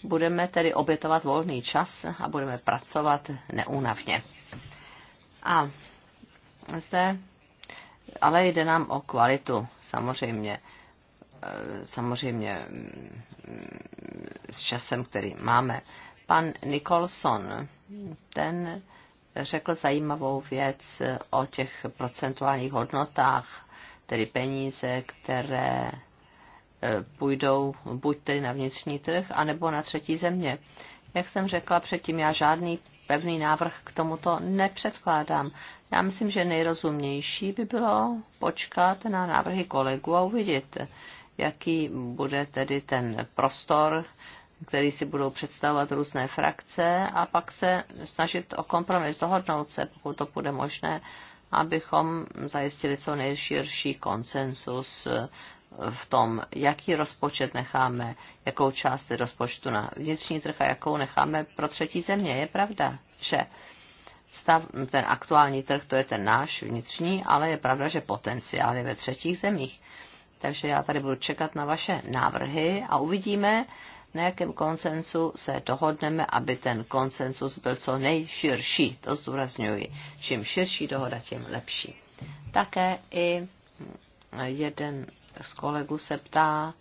budeme tedy obětovat volný čas a budeme pracovat neúnavně. A zde, ale jde nám o kvalitu, samozřejmě eh, samozřejmě mm, s časem, který máme pan Nicholson, ten řekl zajímavou věc o těch procentuálních hodnotách, tedy peníze, které eh, půjdou buď tedy na vnitřní trh, anebo na třetí země. Jak jsem řekla předtím, já žádný pevný návrh k tomuto nepředkládám. Já myslím, že nejrozumnější by bylo počkat na návrhy kolegů a uvidět, jaký bude tedy ten prostor který si budou představovat různé frakce a pak se snažit o kompromis, dohodnout se, pokud to bude možné, abychom zajistili co nejširší konsensus eh, v tom, jaký rozpočet necháme, jakou část rozpočtu na vnitřní trh a jakou necháme pro třetí země. Je pravda, že stav, ten aktuální trh, to je ten náš vnitřní, ale je pravda, že potenciál je ve třetích zemích. Takže já tady budu čekat na vaše návrhy a uvidíme, na jakém konsensu se dohodneme, aby ten konsensus byl co nejširší. To zdůrazňuji. Čím širší dohoda, tím lepší. Také i jeden z kolegů se ptá,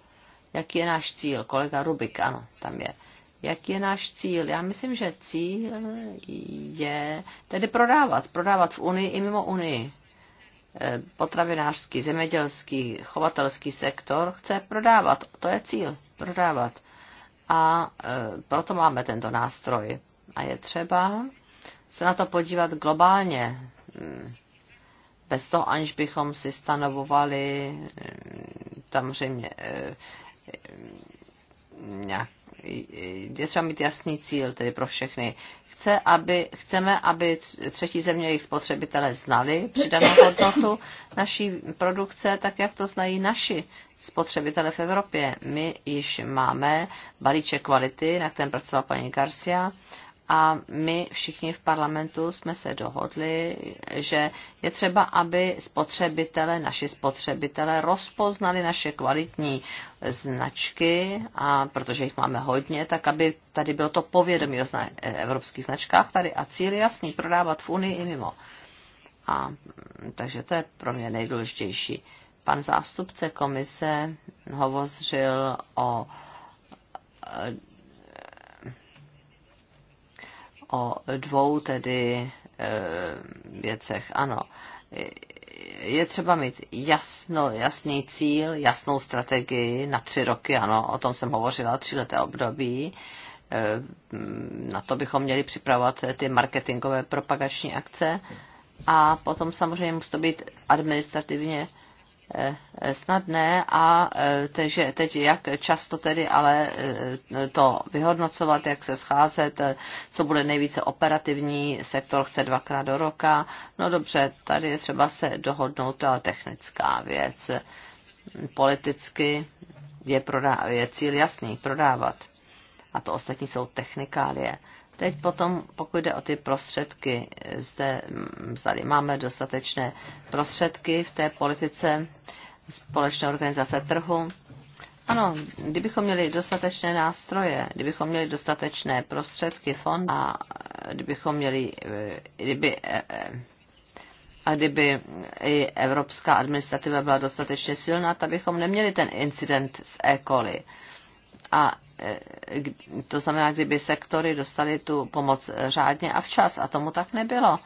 jaký je náš cíl. Kolega Rubik, ano, tam je. Jaký je náš cíl? Já myslím, že cíl je tedy prodávat. Prodávat v Unii i mimo Unii e, potravinářský, zemědělský, chovatelský sektor chce prodávat. To je cíl, prodávat a e, proto máme tento nástroj. A je třeba se na to podívat globálně, hmm. bez toho, aniž bychom si stanovovali samozřejmě hmm, e, e, nějak, je třeba mít jasný cíl, tedy pro všechny chce, aby, chceme, aby třetí země jejich spotřebitele znali přidanou hodnotu naší produkce, tak jak to znají naši spotřebitele v Evropě. My již máme balíček kvality, na kterém pracovala paní Garcia, a my všichni v parlamentu jsme se dohodli, že je třeba, aby spotřebitele, naši spotřebitele rozpoznali naše kvalitní značky, a protože jich máme hodně, tak aby tady bylo to povědomí o zna- evropských značkách tady a cíl jasný prodávat v Unii i mimo. A, takže to je pro mě nejdůležitější. Pan zástupce komise hovořil o o dvou tedy eh, věcech. Ano, je třeba mít jasno, jasný cíl, jasnou strategii na tři roky, ano, o tom jsem hovořila, tři leté období. Eh, na to bychom měli připravovat ty marketingové propagační akce. A potom samozřejmě musí to být administrativně Eh, snadné a eh, takže teď jak často tedy ale eh, to vyhodnocovat, jak se scházet, co bude nejvíce operativní, sektor chce dvakrát do roka. No dobře, tady je třeba se dohodnout, to technická věc. Politicky je, prodá- je cíl jasný, prodávat. A to ostatní jsou technikálie. Teď potom, pokud jde o ty prostředky, zde tady mm, máme dostatečné prostředky v té politice společné organizace trhu. Ano, kdybychom měli dostatečné nástroje, kdybychom měli dostatečné prostředky fond a kdybychom měli, eh, kdyby, eh, eh, a kdyby i evropská administrativa byla dostatečně silná, tak bychom neměli ten incident s E. coli. A Eh, to znamená, kdyby sektory dostaly tu pomoc eh, řádně a včas. A tomu tak nebylo.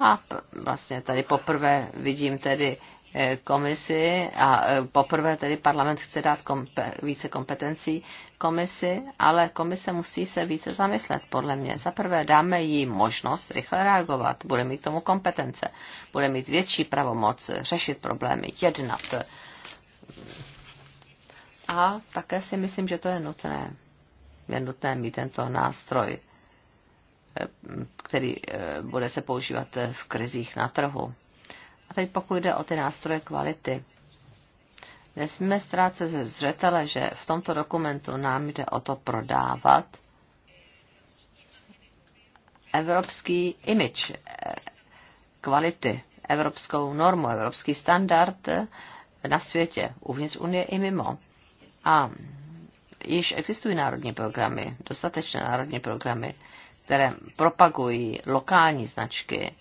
A vlastně tady poprvé vidím tedy eh, komisi a poprvé tedy parlament chce dát kompe, více kompetencí komisi, ale komise musí se více zamyslet, podle mě. Za prvé dáme jí možnost rychle reagovat, bude mít k tomu kompetence, bude mít větší pravomoc řešit problémy, jednat a také si myslím, že to je nutné. Je nutné mít tento nástroj, eh, který eh, bude se používat eh, v krizích na trhu. A teď pokud jde o ty nástroje kvality, nesmíme ztrácet ze zřetele, že v tomto dokumentu nám jde o to prodávat evropský image kvality, evropskou normu, evropský standard na světě, uvnitř Unie i mimo. A již existují národní programy, dostatečné národní programy, které propagují lokální značky,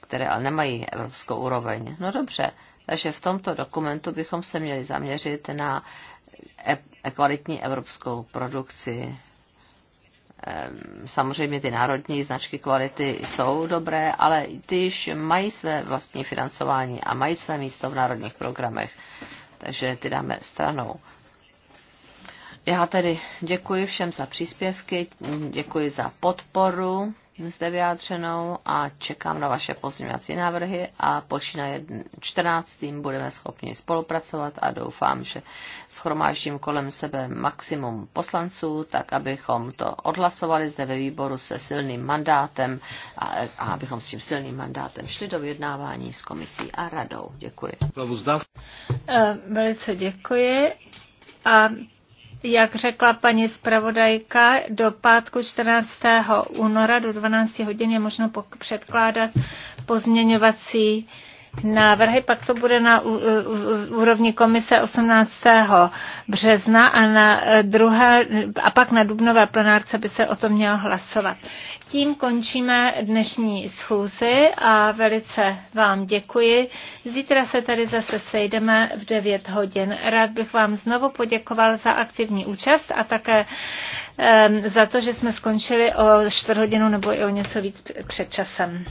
které ale nemají evropskou úroveň. No dobře, takže v tomto dokumentu bychom se měli zaměřit na e- kvalitní evropskou produkci. Ehm, samozřejmě ty národní značky kvality jsou dobré, ale ty již mají své vlastní financování a mají své místo v národních programech, takže ty dáme stranou. Já tedy děkuji všem za příspěvky, děkuji za podporu zde vyjádřenou a čekám na vaše pozměňovací návrhy a počínaje 14. budeme schopni spolupracovat a doufám, že schromáždím kolem sebe maximum poslanců, tak abychom to odhlasovali zde ve výboru se silným mandátem a, a abychom s tím silným mandátem šli do vyjednávání s komisí a radou. Děkuji. Eh, velice děkuji. A jak řekla paní zpravodajka, do pátku 14. února do 12 hodin je možno předkládat pozměňovací návrhy, pak to bude na úrovni komise 18. března a, na eh, druhé, a pak na dubnové plenárce by se o tom mělo hlasovat. Tím končíme dnešní schůzi a velice vám děkuji. Zítra se tady zase sejdeme v 9 hodin. Rád bych vám znovu poděkoval za aktivní účast a také ehm, za to, že jsme skončili o čtvrt hodinu nebo i o něco víc před časem.